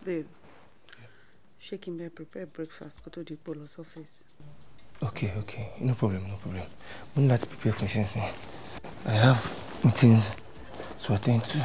babe ṣé kí n prepare breakfast Go to the pò office. okay okay no problem no problem mo ní láti prepare for ṣẹ́nsìn i have meetings to attend to.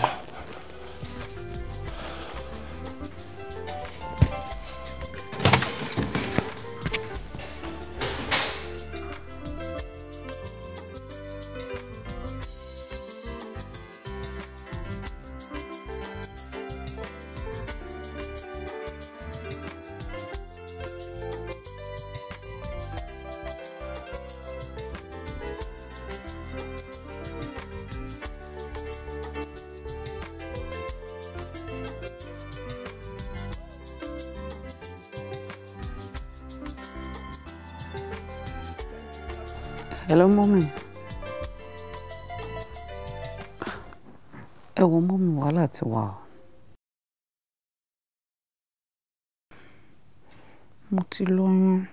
its wall. Mo ti lóyún.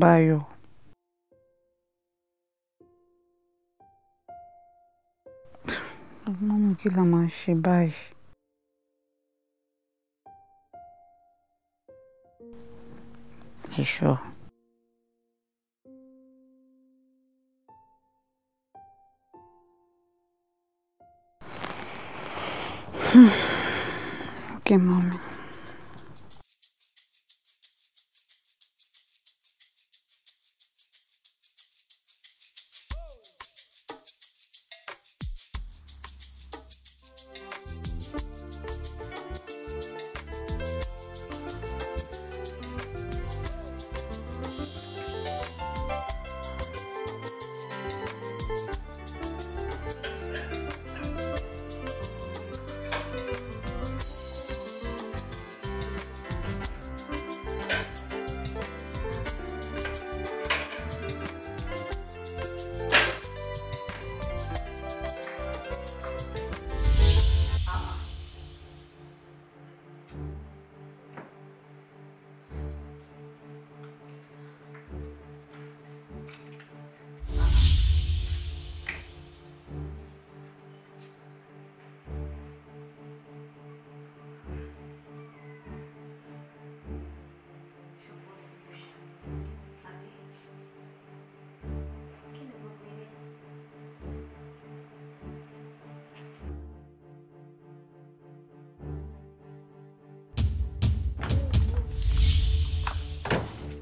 Báyọ̀. Ọmọ mi kí la máa ṣe báyìí? Ẹ ṣọ́. Sure. qué moment.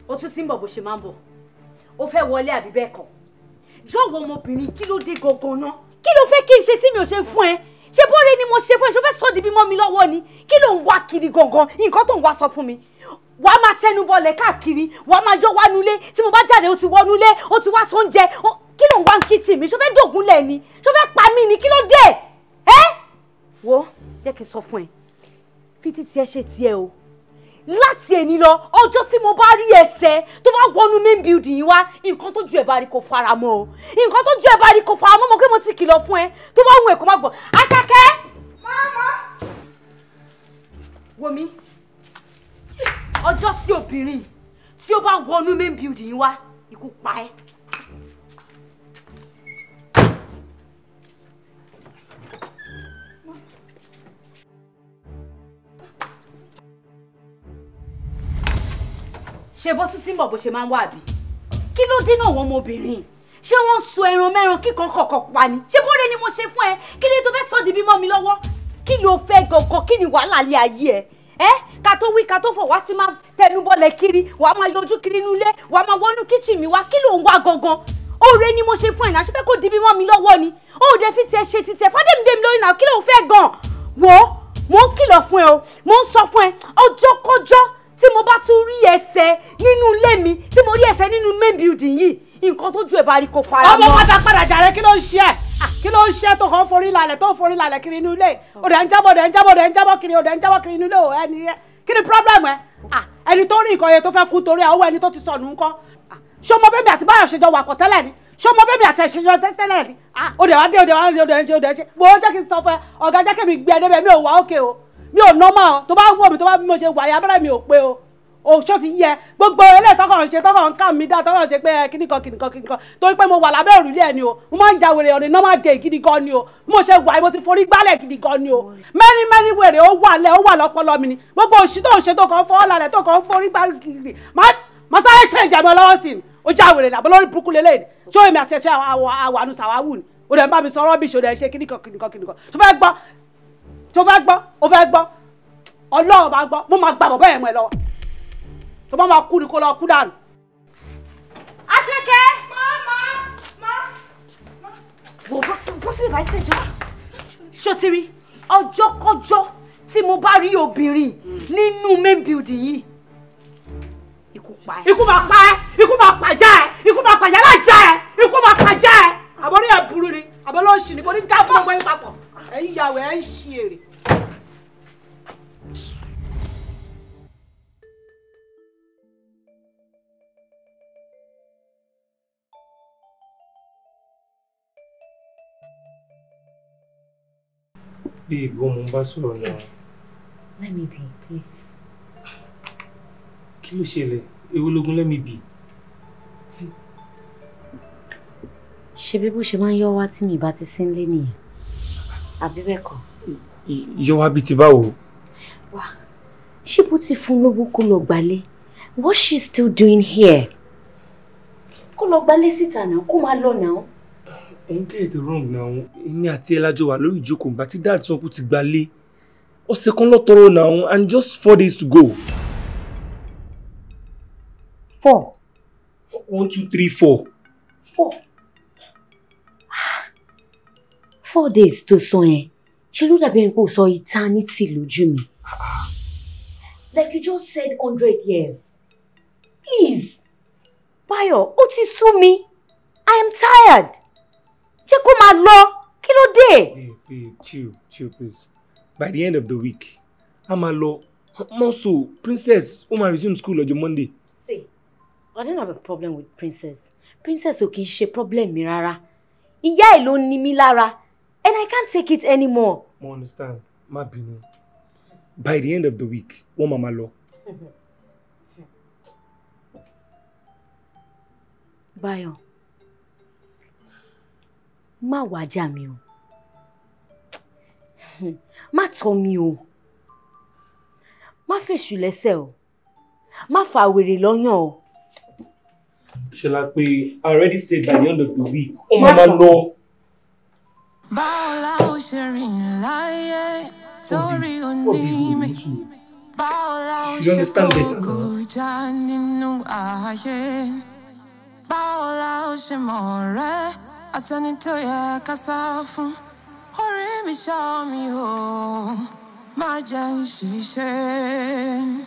ó tún sí ń bọ̀ bó ṣe máa ń bọ̀ ó fẹ́ wọlé àbí bẹ́ẹ̀ kọ́ jọ̀wọ́ ọmọbìnrin kí ló dé gangan náà kí ló fẹ́ kí n ṣe tí mi ò ṣe fún ẹ ṣé bóore ni mo ṣe fún ẹ ṣó fẹ́ sọ di bímọ mi lọ́wọ́ ni kí ló ń wá kiri gangan nǹkan tó ń wá sọ fún mi wà á máa tẹnu bọlẹ̀ káàkiri wà á máa yọ wánulé tí mo bá jáde ó ti wọnulé ó ti wá sóúnjẹ kí ló ń wá ń kíchìn mi ṣó fẹ́ dògúnlẹ̀ ni ṣó fẹ́ pa mí ni kí ló dé wo jẹ́ kí n sọ fún ẹ fi ti tiẹ̀ ṣe tiẹ̀ o láti èní lọ ọjọ́ tí mo bá rí ẹsẹ̀ tó bá wọnú main building yìí wá nǹkan tó ju ẹ̀ bá rí kò fara mọ́ o nǹkan tó ju ẹ̀ bá rí kò fara mọ́ mo kí mo ti kìlọ̀ fún ẹ tó bá wù ẹ̀ kó má gbọ́ àṣàkẹ́. mama. wo mi ọjọ́ tí obìnrin tí ó bá wọnú main building yìí wá ikú pa ẹ́. ṣe bó tún sí ń bọ̀ bó ṣe máa ń wà bí kí ló dé náà wọn ọmọbìnrin ṣé wọ́n so ẹran mẹ́ran kíkan kọ̀ọ̀kan pa ni ṣé bóore ni mo ṣe fún ẹ kí ló tó fẹ́ sọ di bímọ mi lọ́wọ́ kí ló fẹ́ gangan kí ni wàhálà lé ayé ẹ ẹ ká tó wí ká tó fọ̀ wá ti máa tẹnu bọlẹ̀ kiri wàá máa yọjú kiri inú ilé wàá máa wọnú kíchìn mi wá kí ló ń wá gangan oore ni mo ṣe fún ẹ náà ṣe kó di bímọ mi lọ́wọ́ ni ó dẹ fi tiẹ̀ ṣe titiẹ̀ fádémidémi lórí náà kí ló ń fẹ́ gan wo mo ń kìlọ̀ fún ẹ o mo ń sọ fún ẹ ọjọ́kọ́jọ́ tí mo bá tún rí ẹsẹ̀ nínú ilé mi tí mo rí ẹsẹ̀ nínú main building yìí nǹkan tó ju ẹ̀ bá rí kó fara mọ́. ọmọ pátá padà jàre kí ló ń ṣe ẹ ah, kí ló ń ṣe tó kàn forí lálẹ́ tó forí lálẹ́ kiri inú ilé òdà ń jábọ̀ òdà ń jábọ̀ òdà ń jábọ̀ kiri òdà ń jábọ̀ kiri inú ilé ò ẹni rẹ kí ni problem ẹ ah, ẹni tó rí nǹkan yẹn tó fẹ́ kú torí ẹ owó ẹni tó ti sọnù ńkọ́ ah, ṣé ọmọ bẹ́ẹ̀ mi àti báyọ̀ ṣèjọ wà pọ̀ tẹ́lẹ̀ ni ṣé ọmọ bẹ́ẹ̀ mi àti ẹ̀ṣẹ̀jọ tẹ́lẹ̀ ni òdà wá dé òdà wá dé òdà ń ṣe òdà ń ṣe mo jẹ́ kí n sọ fún ẹ ọ̀gá jẹ́ kí mi gbé ẹ mi ò normal tó bá wò mí tó bá bí mo ṣe wà yà abẹ́rẹ́ mi ò pé o òṣò ti yẹ gbogbo eléyìí tọkàn ṣe tọkàn ká mi dá tọkàn ṣe pé kíníkan kíníkan kíníkan torí pé mo wà lábẹ́ òrùlé ẹ̀ ni o mo máa ń ja wèrè ọ̀nà normal day kíníkan ni o mo ṣe wà mo ti forí gbálẹ̀ kíníkan ni o mẹ́ni mẹ́ni wèrè ó wà lẹ̀ ó wà lọ́pọlọ mi ni gbogbo òṣì tó ń ṣe tó kàn fọ́ lálẹ́ tó kàn forí gbálẹ̀ kiri màá sáré ṣe ìjàmbá lọ́wọ́ sí i ó já wèrè nàbọ́ lórí burúkú tó fẹ́ gbọ́ ó fẹ́ gbọ́ ọlọ́run bá gbọ́ mo máa gba bọ̀bọ́ ẹ̀ mọ́ ẹ lọ tó bá máa kú ni kó lọ kú dànù. àṣekẹ́. màmá màmá. wò bó sì bó sì bá ẹ tẹ̀jọ́ ṣó ti rí ọjọ́kọ́jọ́ tí mo bá rí obìnrin nínú main building yìí ikú pa ẹ. ikú máa pa ẹ ikú máa pàjá ẹ ikú máa pàjá lájà ẹ ikú máa pàjá ẹ àbọ̀rí ẹ̀ burú ni àbọ̀lọ́ọ̀ṣì ni mo ní ká fún ọmọ yín papọ̀ ẹ̀yin yàwó ẹ̀ ń ṣe èrè. Babe, ó mú bá sọ̀rọ̀ náà. Let me be, please. Kí ló ṣẹlẹ̀? Ewu lógún let me be. Ṣebí bó ṣe máa ń yọ wá tí mi bá ti sí nílé nìyẹn. Àbí bẹ́ẹ̀ kọ́? Yọ wá bíi ti báwo? Wá, ṣé bó ti What she still doing here? Kó lọ gbalé síta náà, kó máa lọ òun get wrong náà òun èmi àti ẹ lájọ wà lórí ìjókòó ìgbà tí dad sọ pé ó ti gba lé ọ̀sẹ̀ kan ló náà òun and just four days to go. four. one two three four. four. four days tó sọ yẹn ṣe ló dàbí ẹni pé ó sọ eternity lójú mi. like you just said hundred years please Bayo ó ti sú mi I am tired ṣé kó máa lọ kí ló dé. chill chill please by the end of the week a máa lọ mọ́sọ̀ princess ó máa resume school lọ́jọ́ monday. see i don't have a problem with princess princess ò kì í ṣe problem mi rárá ìyá ẹ̀ ló ní mi lára and i can't take it anymore. mo understand má bínú by the end of the week wọ́n máa máa lọ. Báyọ̀ má wàá jà mí o má tọ́ mi o má fèṣù lẹ́sẹ̀ o má fa wèrè lọ́yàn o. ṣọlá pé i already say by the end of the week ó máa báwo la ó ṣe rìn láyé torí onímì báwo la ó ṣe kókó já nínú ààyè báwo la ó ṣe mọ̀ rẹ́. I turn into your castle. Hurry, me, show me home. My gen, she shame.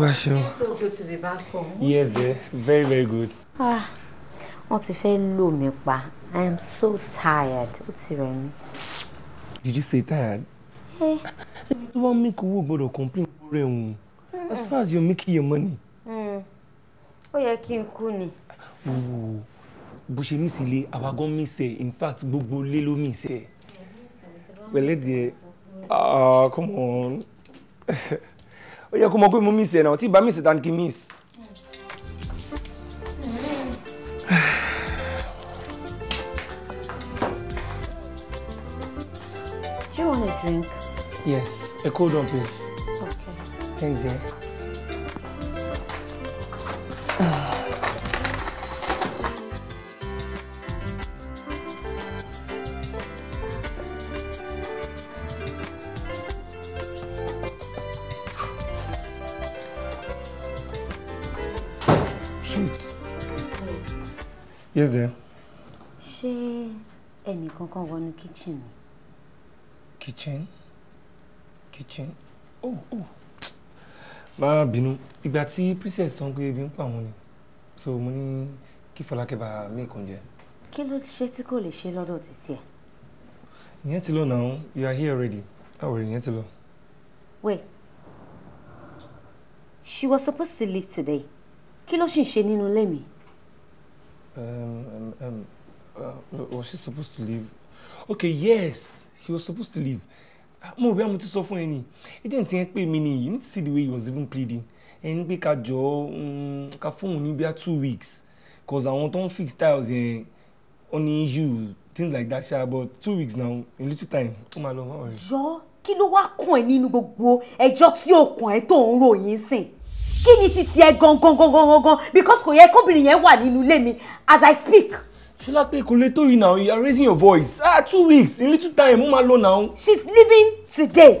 Olúwa ṣeun. It's so good to be back home. Yes, dear. Very, very good. Ah, what if I lò mí pa. I am so tired. What's ti rẹ̀ Did you say tired? Ẹ don't want mí kú wò to complain kúrò ẹ̀hún. As far as you're making your money. Hmm. Oh, kí n kú ni. Bó ṣe mí sí ilé, àwa gan mí sẹ̀. In fact, gbogbo ilé ló mí Well, Pẹ̀lẹ́ Ah, come on. ó yẹ kó mọ pé mo miss ẹ̀ náà tí ìbá miss ẹ̀ tán kí miss. Do you want a drink? Yes, a cold one please. Okay. Thanks, yeah. Yes, dear. Ṣé ẹnìkankan wọnú kitchen mi? Kitchen? Kitchen? Oh, oh. Má bínú, ìgbà tí princess sọ pé ebi ń pa òun ni. So mo ní kí Fọlákẹ́ bá make oúnjẹ. Kí ló ṣe tí kò lè ṣe lọ́dọ̀ títí ẹ̀? Ìyẹn ti lọ náà, you are here already. Báwo rẹ̀ ìyẹn ti lọ? Wait. She was supposed to leave today. Kí ló ṣì ń ṣe nínú ilé mi? Um, um, um, uh, was she supposed to leave? Okay, yes, she was supposed to leave. Ah, mo bí àwọn ti sọ fún ẹ ni, agent yẹn pè mí ni, you need to see the way he was even pleading. Ẹni pé ká jọ mm, ká fóun ní bíi two weeks, cause àwọn tó ń fix tiles yẹn on you things like that ṣá but two weeks now in little time ó máa lọ wọ́n rẹ̀. Jọ kí ló wá kàn ẹ́ nínú gbogbo ẹjọ́ tí ó kàn ẹ́ tó ń ròyìn sìn? kí ni ti tiẹ̀ gangan gangan gangan because kò yẹ kóbìnrin yẹn wà nínú ilé mi as I speak. ṣọlá pé kò lè tó yìí now you are raising your voice ah two weeks in little time mo máa lọ now. she is leaving today.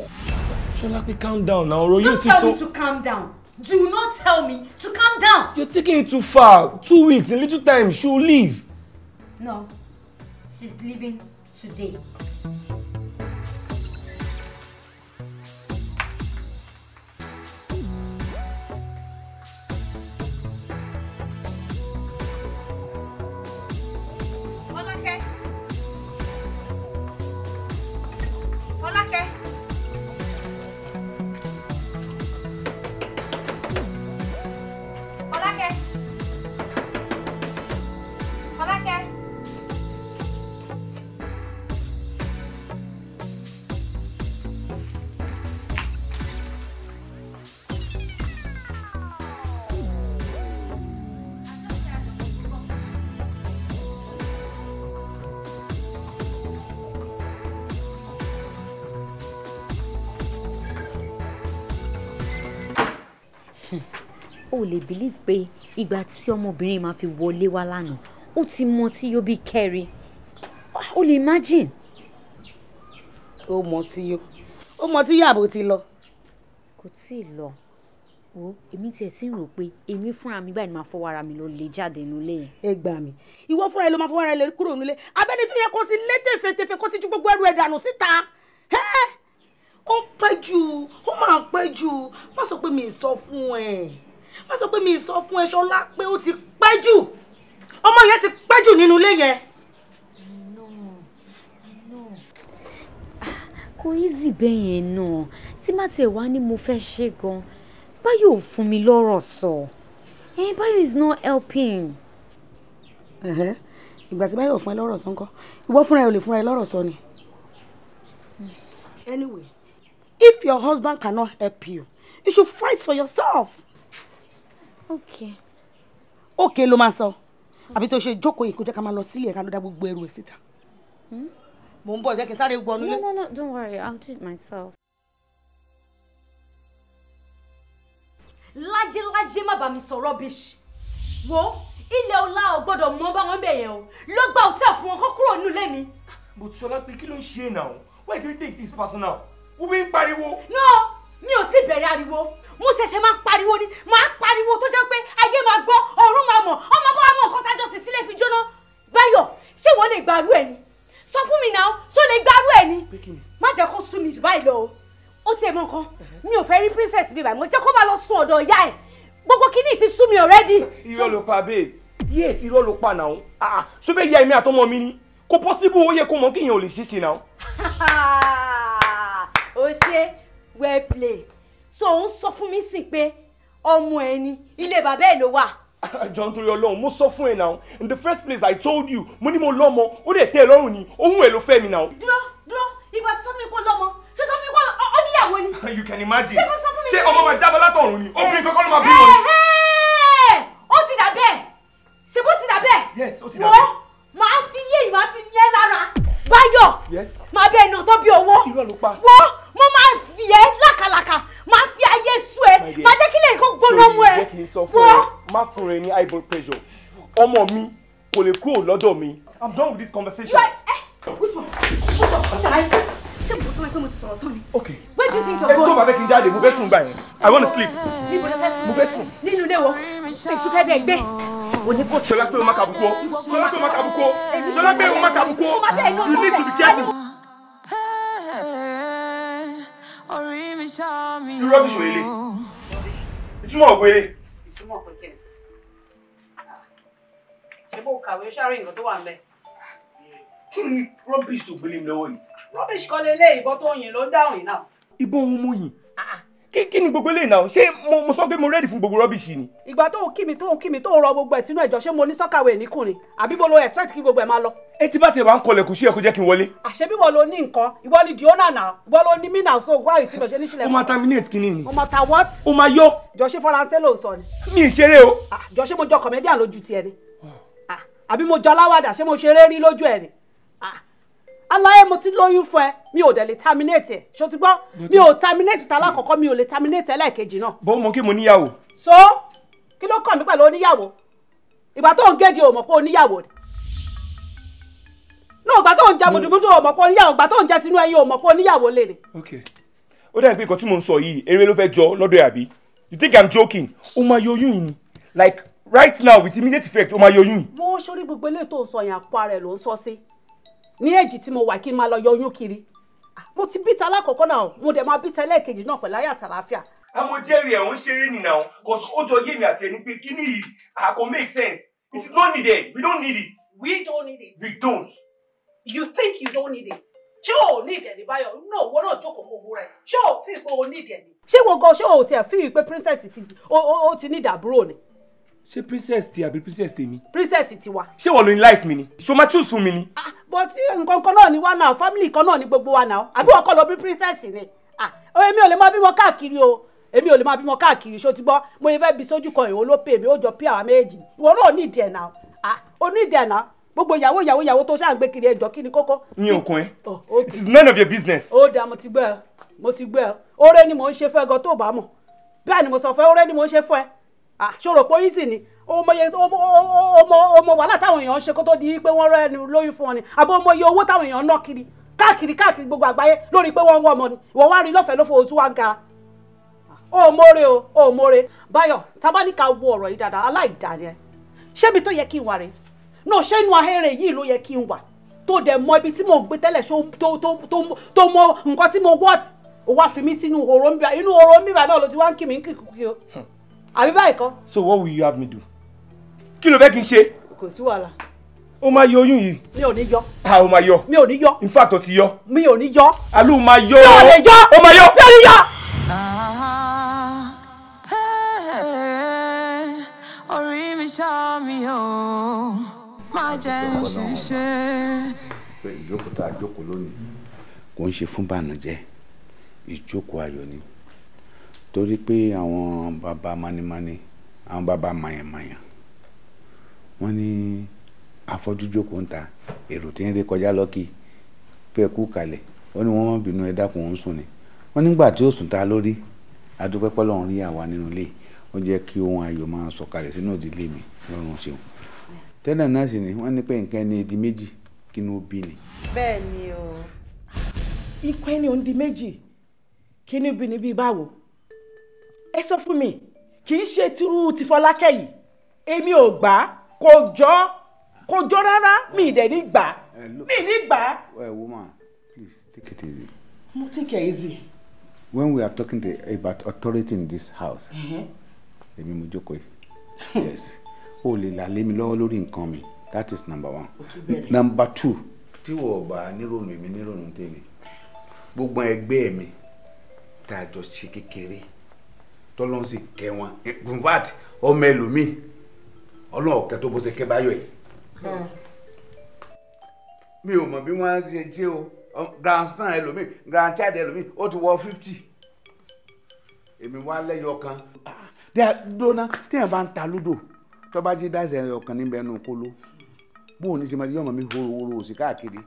ṣọlá pé calm down now ọ̀rọ̀ yóò ti tó. don't tell me to calm down do not tell me to calm down. you are taking it too far two weeks in little time she will leave. no she is leaving today. ò lè believe pé ìgbà tí ọmọbìnrin máa fi wọlé wá lánàá ó ti mọ tí yóò bí kẹrin ó lè imagine. ó mọ tí yó ó mọ tí yàbò ti lọ. kò tí ì lọ wo èmi tiẹ̀ ti ń rò pé èmi fúnra mi báyìí ni màá fọwọ́ ara mi lọ lè jáde nílé yẹn. ẹ gbà mí ìwọ fúnra ẹ ló máa fọwọ́ ara ẹ lè kúrò nílé abẹ́ni tó yẹ kó ti lé tèfètèfè kó ti ju gbogbo ẹrù ẹ̀ dànù síta ó ń pẹ́ jù ó máa pẹ́ jù má sọ pé mi ì sọ fún ẹ má sọ pé mi sọ fún ẹ Ṣọlá pé ó ti pẹ́ jù ọmọ yẹn ti pẹ́ jù nínú ilé yẹn. kò easy bẹ́ẹ̀ yẹn náà tí má tiẹ̀ wá ní mo fẹ́ ṣe gan báyọ̀ ò fún mi lọ́rọ̀ sọ báyọ̀ is not helping. ìgbà tí báyọ̀ fún ẹ lọ́rọ̀ sọ ńkọ́ ìwọ fúnra ẹ ò lè fúnra ẹ lọ́rọ̀ sọ ni. anyway if your husband cannot help you you should fight for yourself okay. okay ló máa sọ àbí tó ṣe jókòó yìí kó jẹ́ ká máa lọ sílé ká ló dá gbogbo ẹrù ẹ̀ síta. Hmm? mò ń bọ̀ jẹ́ kí n sáré gbọ́nú lé. no no no don't worry I'll do it myself. lájẹ́lájẹ́ má bá mi sọ rubbish wo ilé ọlá ò gbọ́dọ̀ mọ bá wọn bẹ̀ yẹn o ló gba òtẹ́ fún wọn kó kúrò nínú ilé mi. bùtùsọlá pé kí ló ń ṣe é náà why do you think this personal? wọ́n bí ń pariwo. no mi ò tí bẹ̀rẹ̀ ariwo mo ṣẹ̀ṣẹ̀ máa pariwo ni máa pariwo tó jẹ́ pé ayé máa gbọ́ ọ̀run máa mọ̀ ọmọ bá wa mọ̀ nǹkan tájọ sì sílẹ̀ fi jóná báyọ̀ ṣé wọ́n lè gbarú ẹ̀ ni sọ fún mi náà ṣó lè gbarú ẹ̀ ni má jẹ́ kó sú mi jù báyìí lọ o ó tiẹ̀ mọ nǹkan mi ò fẹ́ rí princess bíi báyìí mo jẹ́ kó bá lọ sùn ọ̀dọ̀ ìyá ẹ̀ gbogbo kínní ti sú mi already. irọ́ ló pa babe yes irọ́ ló pa náà ah, ah. ṣó fẹ́ ya èmi àtọmọ mi ni kò possible ó yẹ kó mọ kéèyàn ò lè ṣe ṣe náà. o ṣe well played so òun sọ fún mi sìn pé ọmọ ẹ ni ilé bàbá ẹ ló wà. jọ nítorí Ọlọ́run mo sọ fún ẹ náà in the first place I told you mo ní mo lọ́mọ ó dẹ̀ tẹ́ ẹ lọ́rùn ni ohun ẹ ló fẹ́ mi náà. dúró dúró ìgbà tó sọ mi kó lọ́mọ ṣé sọ mi kó oníyàwó ni. you can imagine ṣé ọmọ máa jábọ́ látọ̀run ni eh, obìnrin kankan ló máa bí wọn. Eh, eh, ó ti dà bẹ́ẹ̀ ṣe bó ti dà bẹ́ẹ̀. yes ó ti dà bẹ́ẹ̀. wọ́n máa fi yé ìwà fi yé lára báyọ̀ máa bẹ́ẹ̀ nà tó bí owó. irọ́ ló pa. wọ́n mo máa fi yẹ lák sọ fún ẹ má fún ẹ ní high blood pressure ọmọ mi kò lè kúrò lọ́dọ̀ mi i'm done with this conversation. Eh, which one which one mo sọ pé mo ti sọ̀rọ̀ tán mi. okay where do you think you're going. ẹ tó bàbá kí jáde mo sùn báyìí i wanna sleep. níbo ló fẹ́ mo fẹ́ sùn. nínú ilé wo èṣù fẹ́ bẹ́ẹ̀ gbé òní kò. ṣọlá pé o má kàbùkọ ṣọlá pé o má kàbùkọ ṣọlá pé o má kàbùkọ you need to be careful. irọ́ mi ṣòro ilé ìtumọ̀ ògbó túmọ̀ pé kí ni ṣé bó kàwé ṣáàrin nǹkan tó wà ń bẹ. kí ni rubbish tó gbélé mi lọ́wọ́ yìí. rubbish kọ́ lé ìbọn tó yìn ló dáhùn yìí náà. ìbọn òun mo yìn. Ah, ah kí kí ni gbogbo eléyìí náà ṣé mo mo sọ pé mo rẹ́ẹ̀dì fún gbogbo rọ́bìṣì ni. ìgbà tó ń kí mi tó ń kí mi tó ń rọ gbogbo ẹ̀ sínú ẹ̀jọ́ ṣé mo ní sọ́kàwé níkùnrin àbí mo lo expect kí gbogbo ẹ̀ máa lọ. etí bá tiẹ̀ bá ń kọlẹ̀ kù sí ẹ̀ kó jẹ́ kí n wọlé. àṣẹ bí wọ́n lo ní nǹkan ìwọ ni diona na ìwọ lo ní mí na so wá ìtí lọ́ṣẹ́ níṣìlẹ̀. o máa terminate kí ni ni. o máa ta what. o máa yọ. jọ̀ṣe faransé ló sọ ni. mi ì ṣeré o. Ah, jọ̀ṣe mo jọ comedian lójú tiẹ̀ ni ah, àbí mo jọ aláwàdà ṣé mo ṣeré rí lójú ẹ̀ ni aláyé mo ti lóyún fún ẹ mi ò dẹ̀ lè terminate ẹ̀ ṣó ti gbọ́ mi ò terminate ta lákọ̀ọ́kọ́ mi ò lè terminate ẹlẹ́ẹ̀kejì náà. bó mo kí mo níyàwó. so kí ló kàn mí pẹ̀lú oníyàwó ìgbà tó ń géde ò mọ̀ pé oníyàwó ni náà ìgbà tó ń jẹ mùdùmùdù ò mọ̀ pé oníyàwó ìgbà tó ń jẹ sínú ẹyin ò mọ̀ pé oníyàwó lè ní. okay ó dàbí pé nǹkan tí mò ń sọ yìí eré ló fẹ́ jọ lọ́dọ̀ àbí you think i'm joking ó máa yọyún yìí ni like right now with immediate effect ó máa yọyún yìí. mo ṣorí gbogbo eléyìí tó ń sọ yẹn àpò ara ẹ ló ń sọ sí ní èjì tí mo wà kí n máa lọ yọ oyún kiri ah, mo ti bíta alákọ̀ọ́kọ́ náà mo dẹ̀ máa bíta ẹlẹ́ẹ̀kejì náà pẹ̀lú àyà àtàlàáfíà. amọ̀jẹ́rì ah, ẹ̀hún ṣeré nìyà o cos ó jọ yé mi àti ẹni pé kí ni àkó ah, make sense it is not needed we don't need it. we don't need it. we don't. you think you don't need it ṣé o ní ìdẹ̀ ní báyọ̀ náà wọ́n náà jókòó mọ́ owó rẹ̀ ṣé o fi ìpè o ní ìdẹ̀ ní. ṣé wọ́n gan ṣé o tiẹ̀ fi ìpè princess ti ní ìdàbúrò ni ṣé princess ti àbí princess tèmi. princess ti wa. ṣé wọ́n lo ní life mi ni. ṣo ma choose fún mi ni. ah but nǹkan kan náà ni wa náà family kan náà ni gbogbo wa náà àbí wọ́n kọ́ lọ bí princess ni. ah oh, èmi ò lè máa bímọ káàkiri o èmi ò lè máa bímọ káàkiri ṣó ti gbọ́ mo yẹ fẹ́ bí sójú kan ìwọ ló pè mí ó jọ pé àwọn méjì ìwọ náà ní ìdí ẹ̀ náà ah ó ní ìdí ẹ̀ náà gbogbo ìyàwó ìyàwó ìyàwó tó ṣáà ń gbé kiri ẹjọ́ kí ni kókó. ní okun ẹ it is none of your business. ó dáa mo ti gbọ́ ẹ mo ti gbọ́ ẹ oore ni mò ń ṣe fún ẹ gan tó bá mọ̀ bẹ́ẹ̀ ni mo sọ fún ẹ oore ni mò ń ṣe fún ẹ Ah, ṣòro pé easy ni ọmọye ọmọ wàhálà táwọn èèyàn ń ṣe kó tó di pé wọ́n rẹ́nu lóyún fún wọn ni àbí ọmọye owó táwọn èèyàn ń ná kiri káàkiri káàkiri gbogbo àgbáyé lórí pé wọ́n ń wọ́ ọmọ ni ìwọ wá rí lọ́fẹ̀ẹ́ lófo oṣù wa ń gara ó mórè o ó mórè báyọ̀ tábánikà wo ọ̀rọ̀ yìí dáadáa aláìdáni ẹ ṣébi tó yẹ kí n wà rè náà ṣé inú ahéré yìí ló yẹ kí n wà tó dẹ̀ mọ ibi tí mò ń gbé tẹ́lẹ̀ ṣó tó mọ nǹkan tí mo wọ́ọ̀tì ó wá fi mí sínú òrò ń bíbà inú òrò ń bíbà náà ló ti wá ń kì mí kìkìkì o. Hmm àbí báyìí kọ́. so what will you have me do? kí ló fẹ́ kí n ṣe. kò sí wàhálà. ó máa yọ oyún yìí. mi ò ní yọ. a ah, ó máa yọ. mi ò ní yọ. in fact ó ti yọ. mi ò ní yọ. àlù máa yọ. mi ò lè yọ. ó máa yọ. mi ò ní yọ. orí mi ṣá mi o má jẹ́ ń ṣiṣẹ́. ìjókòó tá a jókòó lónìí kò ń ṣe fún bànújẹ́ ìjókòó ayọ̀ ni torí pé àwọn bàbá manimani àwọn baba mayanmayan wọ́n ní afọ́jú jókòó ń ta èrò tí ń rí kọjá lọ́kì pé kú kalẹ̀ wọ́n ní wọ́n má bínú ẹ dákun ń sùn ni wọ́n nígbà tí ó sùn ta lórí adúpẹ́pẹ́ lọ́run rí àwa nínú ilé ó jẹ́ kí ohun ayọ̀ máa sọ̀kalẹ̀ sínú ìdílé mi lọ́run ṣeun tẹ́lẹ̀ náà sì ni wọ́n ní pé nǹkan ẹni di méjì kí ni ó bí ni. bẹ́ẹ̀ o. ikú ẹni ò ń di méjì kí ni ó bí ni bíi báwo ẹ sọ fún mi kì í ṣe tirú ti Fọlákẹ́ yìí èmi ò gbà kò jọ kò jọ rárá mi ì dẹ̀ ní gbà mi ì ní gbà. ẹ woman please take it easy. mo take it easy. when we are talking the, about authority in this house èmi mo jókòó yìí yes o lè là lé mi lọ́wọ́ lórí nǹkan mi that is number one number two tí wọ́n bá nírònú mi nírònú tèmi gbogbo ẹgbẹ́ mi tá a jọ ṣe kékeré tọ́lọ́n sì kẹ́ wọn in fact ọmọ ẹlòmíì ọlọ́run ọ̀kẹ́ tó bó ṣe kẹ́ báyọ̀ yìí. Hmm. mi ò mọ̀ bí wọ́n ṣe jẹ́ o grandstand ẹlòmíì grandchild ẹlòmíì ó ti wọ fifty èmi wá lẹ́yọ̀ kan. dọ́nà ah, téèyàn bá ń ta lúdò tó bá jí dáìsẹ̀ ẹ̀yọ̀ kan níbẹ̀ nù kóló bóun ní ṣe máa di yọ̀mọ̀ mi horo-horo òsì káàkiri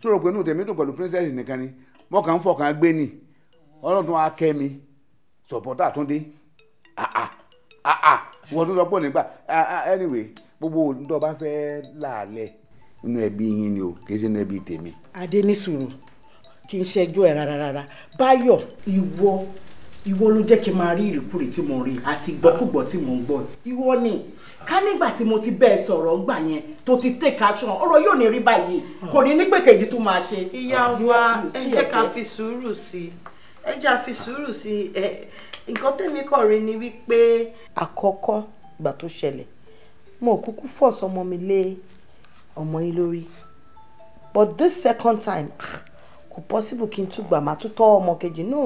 tó rò pé inú tèmi dùn pẹ̀lú princess nìkan ni mọ̀kàn fọkàn gbé ni ọlọ́run tó wá kẹ́ mi sọ̀pọ̀tà àtúndé àà àà wọ́n tún sọ pé nígbà anyway gbogbo tó bá fẹ́ làálẹ̀ nínú ẹbí yín ni o kì í ṣe nínú ẹbí tèmi. adé ní sùúrù kì í ṣẹjọ́ ẹ rárá rárá báyọ̀ ìwọ ìwọ ló jẹ́ kí n máa rí ìrìkúrì tí mo rí àti ìgbọ́kùgbọ́ tí mo ń gbọ́ ìwọ ni ká nígbà tí mo ti bẹ́ẹ̀ sọ̀rọ̀ ńgbà yẹn tó ti take action ọ̀rọ̀ yóò ní rí báyìí kò ní ní pèkejì tó máa ṣe. ìyá wa ẹ jẹ́ ká fi sùúrù sí i ẹ jà fi sùúrù sí ẹ nǹkan tèmi kàn rí ni wípé àkọ́kọ́ ìgbà tó ṣẹlẹ̀ mo kúkú fọ̀sọ́ ọmọ mi lé ọmọ yín lórí but this second time ah, kò possible kí n tún gbà má tún tọ́ ọmọ kejì nù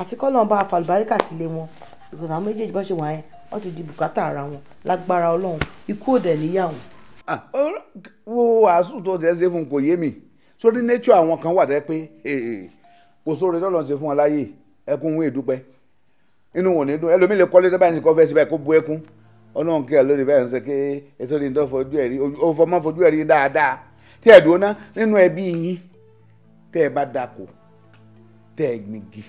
àfi kọ́ lọ́nba àfàlùbáríkà sí lé wọn ìgbọ̀nà àwọn méjèèjì bọ́ ṣe wà yẹn wọ́n ti di bùkátà ara wọn lágbára ọlọ́run ikú òdẹ̀ níyàwó. Ah, oh, wo àásù tó tẹ́ ṣe fún kò yé mi sórí nature àwọn kan wà dẹ́ pé eh, eh, kò sóore tọ́lọ̀ ń ṣe fún wọn láyè ẹkún ń èdúpẹ́ inú wọn ní dùn ẹlòmíì lè kọ́lé tẹ́bàá ní kọ́ fẹ́ síbẹ̀ kó bu ẹkún ọlọ́run kí ẹ lórí bẹ́ẹ̀ ń ṣe ké ètò ní tó fojú ẹ̀rí òfò má fojú ẹ̀rí dáadáa tí ẹ̀ dúró náà nínú ẹbí yín tẹ́ ẹ bá dako tẹ́ ẹ gbìngì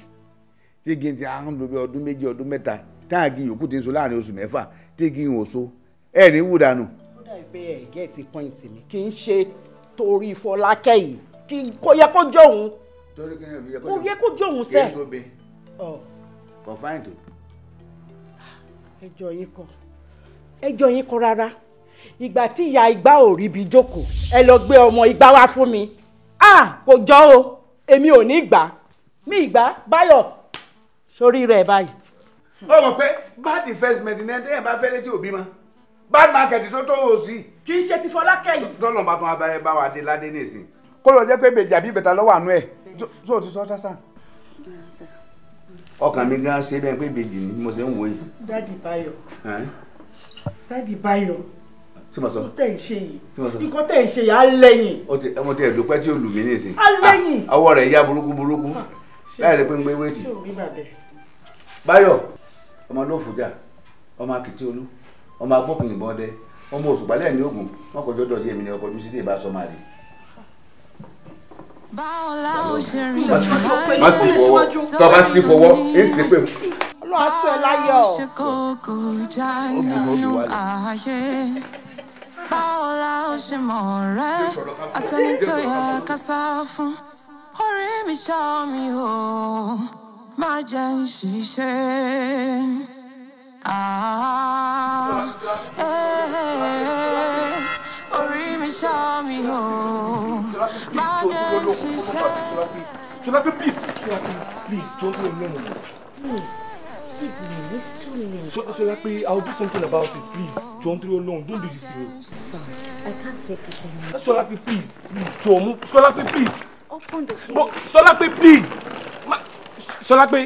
tí igi ti àrùn lóbi ọdún méjì ọdún mẹ́ta táàgì yòókù ti ń so láàrin oṣù mẹ́fà tí igi yòó ẹ̀ ní wù dànù. ó dàbí pé ẹ̀ pọ́ìntì mi kì í ṣe torí Fọlákẹ́ yìí kò yẹ kó jọ òun torí kí ni òbí yẹ kó jọ kó yẹ kó jọ òun sẹ. kí ló bẹ kò fáìn tó. ẹjọ́ yín kọ ẹjọ́ yín kọ rárá ìgbà tí ìyá igbá ò rí ibi jókòó ẹ lọ gbé ọmọ igbá wá fún mi a kò jọ o èmi ò ní gbà mí ìgbà báyọ̀ sórí rẹ̀ báyìí. ó mọ̀ pé bad investment ní ẹni bá fẹ́ létí òbí mọ́ bad market tó tó o sí. kì í ṣe ti Fọlákẹ́ yìí. tọ́lọ̀ bá tún abẹ́ bá wa dé ládé nìsín kó lọ jẹ́ pé bèjì àbí ìbẹ̀ta lọ́wọ́ àánú ẹ̀ tó ti sọ tásán. ọkàn mi gan ṣe bẹ́ẹ̀ pé ìbejì ni mo ṣe ń wò yìí. dádì báyọ̀ dádì báyọ̀ símọ̀sọ́ tẹ̀ ń ṣe yìí nǹkan tẹ̀ ń ṣe yìí á lẹ́yìn. ọmọ tẹ ẹ̀dùpẹ́ tí ó lù mí nísìn. á lẹ́yìn. Ah, ọwọ́ rẹ̀ yá burúkú burúkú láì lè pé ń gbé wéètì. báyọ̀ ọmọ lófùjà ọmọ akitì olú ọmọ agbókùnrin bọ́dẹ ọmọ òṣùpá lẹ́yìn ní ogun wọn kọjọ́ dọ̀jẹ́ mi ni ọkọ̀ ojú sílé ìbá sọ máa rí i má sì fọwọ́ tó bá sì fọwọ́ èyí ti pè mí. sọ ẹ láyọ̀. báwo la ó ṣe mọ̀ rẹ́ àtẹni tó yẹ fún orí mi ṣá mi o má jẹ́ ń ṣiṣẹ́. Ah, eh, eh, eh orí mi ṣá mi o má jẹ́ ṣiṣẹ́. Ṣọlápẹ́ please Ṣọlápẹ́ please don't do it lọ́nà. Ṣọlápẹ́ I'll do something about it please jọ̀ọ́ nítorí alone. don't do this to me. I can't take it anymore. Ṣọlápẹ́ please please jọ̀ọ́ mú Ṣọlápẹ́ please. Open the gate. Ṣọlápẹ́ please Ṣọlápẹ́.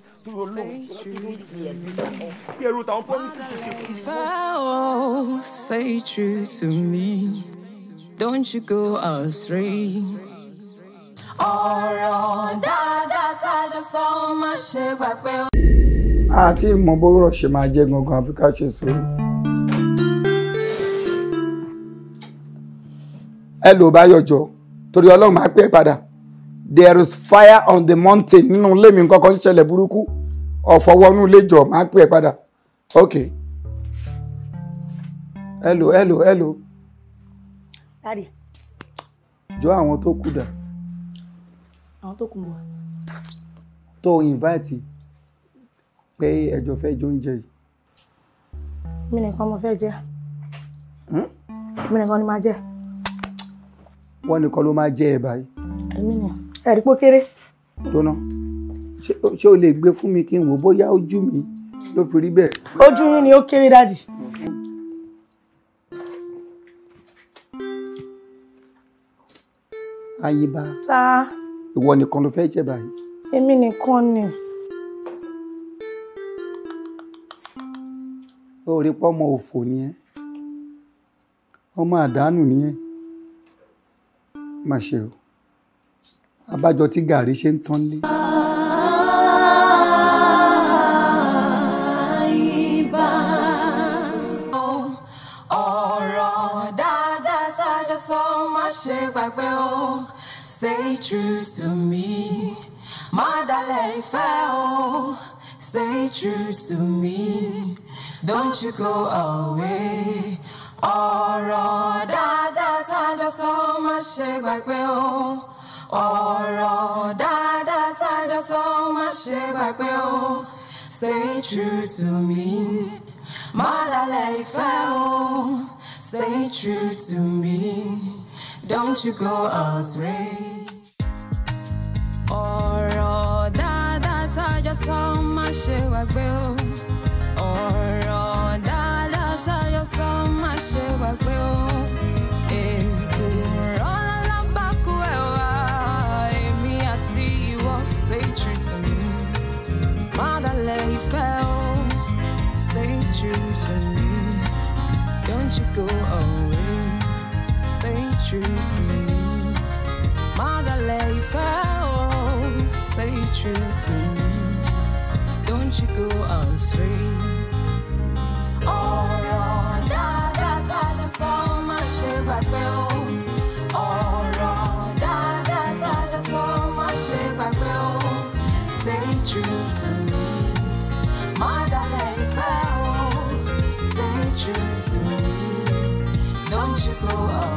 torí olóhùn tí stay true to me, don't you go astray. ọ̀rọ̀ dáadáa tá a jọ sọ má ṣe gbàgbé. àti ìmọ̀ bóró ṣe máa jẹ́ gangan àfi ká ṣe sùúrù. ẹ lò bá yọjọ torí ọlọ́run máa pẹ́ padà there is fire on the mountain nínú ilé mi nǹkan kan ń ṣẹlẹ̀ burúkú ọ̀fọ̀wọ́nú ilé jọ máa pè é padà ok hello hello hello jọ àwọn tó kù dà àwọn tó kù mọ́ tó invite pé ẹjọ́ fẹ́ jọ oúnjẹ yìí. mi nìkan mo fẹ́ jẹ hmm? mi nìkan ni máa jẹ. wọ́n nìkan ló máa jẹ ẹ̀ báyìí. èmi nìkan ẹ̀rí pó kéré. jóná ṣé o lè gbé fún mi kí n wò bóyá ojú mi ló fi rí bẹ́ẹ̀. ojú yín ni ó kéré dájì. ayíba. sá. ìwọ nìkan ló fẹ́ jẹ báyìí. èmi nìkan ni. ó rí pọ́mọ òfò ni ẹ́ ọmọ àdánù ni ẹ́ má ṣe o abájọ tí gàrí ṣe ń tán lé. ṣe stay true to me má dalẹ̀ ìfẹ́ stay true to me don't you go away ọ̀rọ̀ dáadáa tá a jọ sọ má ṣe gbàgbé o. ọ̀rọ̀ dáadáa tájọ sọ much ṣe gbàgbé o stay true to me má dalẹ̀ ìfẹ́ o stay true to me don't you go astray. ọ̀rọ̀ dáadáa tájọ sọ má ṣe gbàgbé o ọ̀rọ̀ dáadáa tájọ sọ má ṣe gbàgbé. go on. slow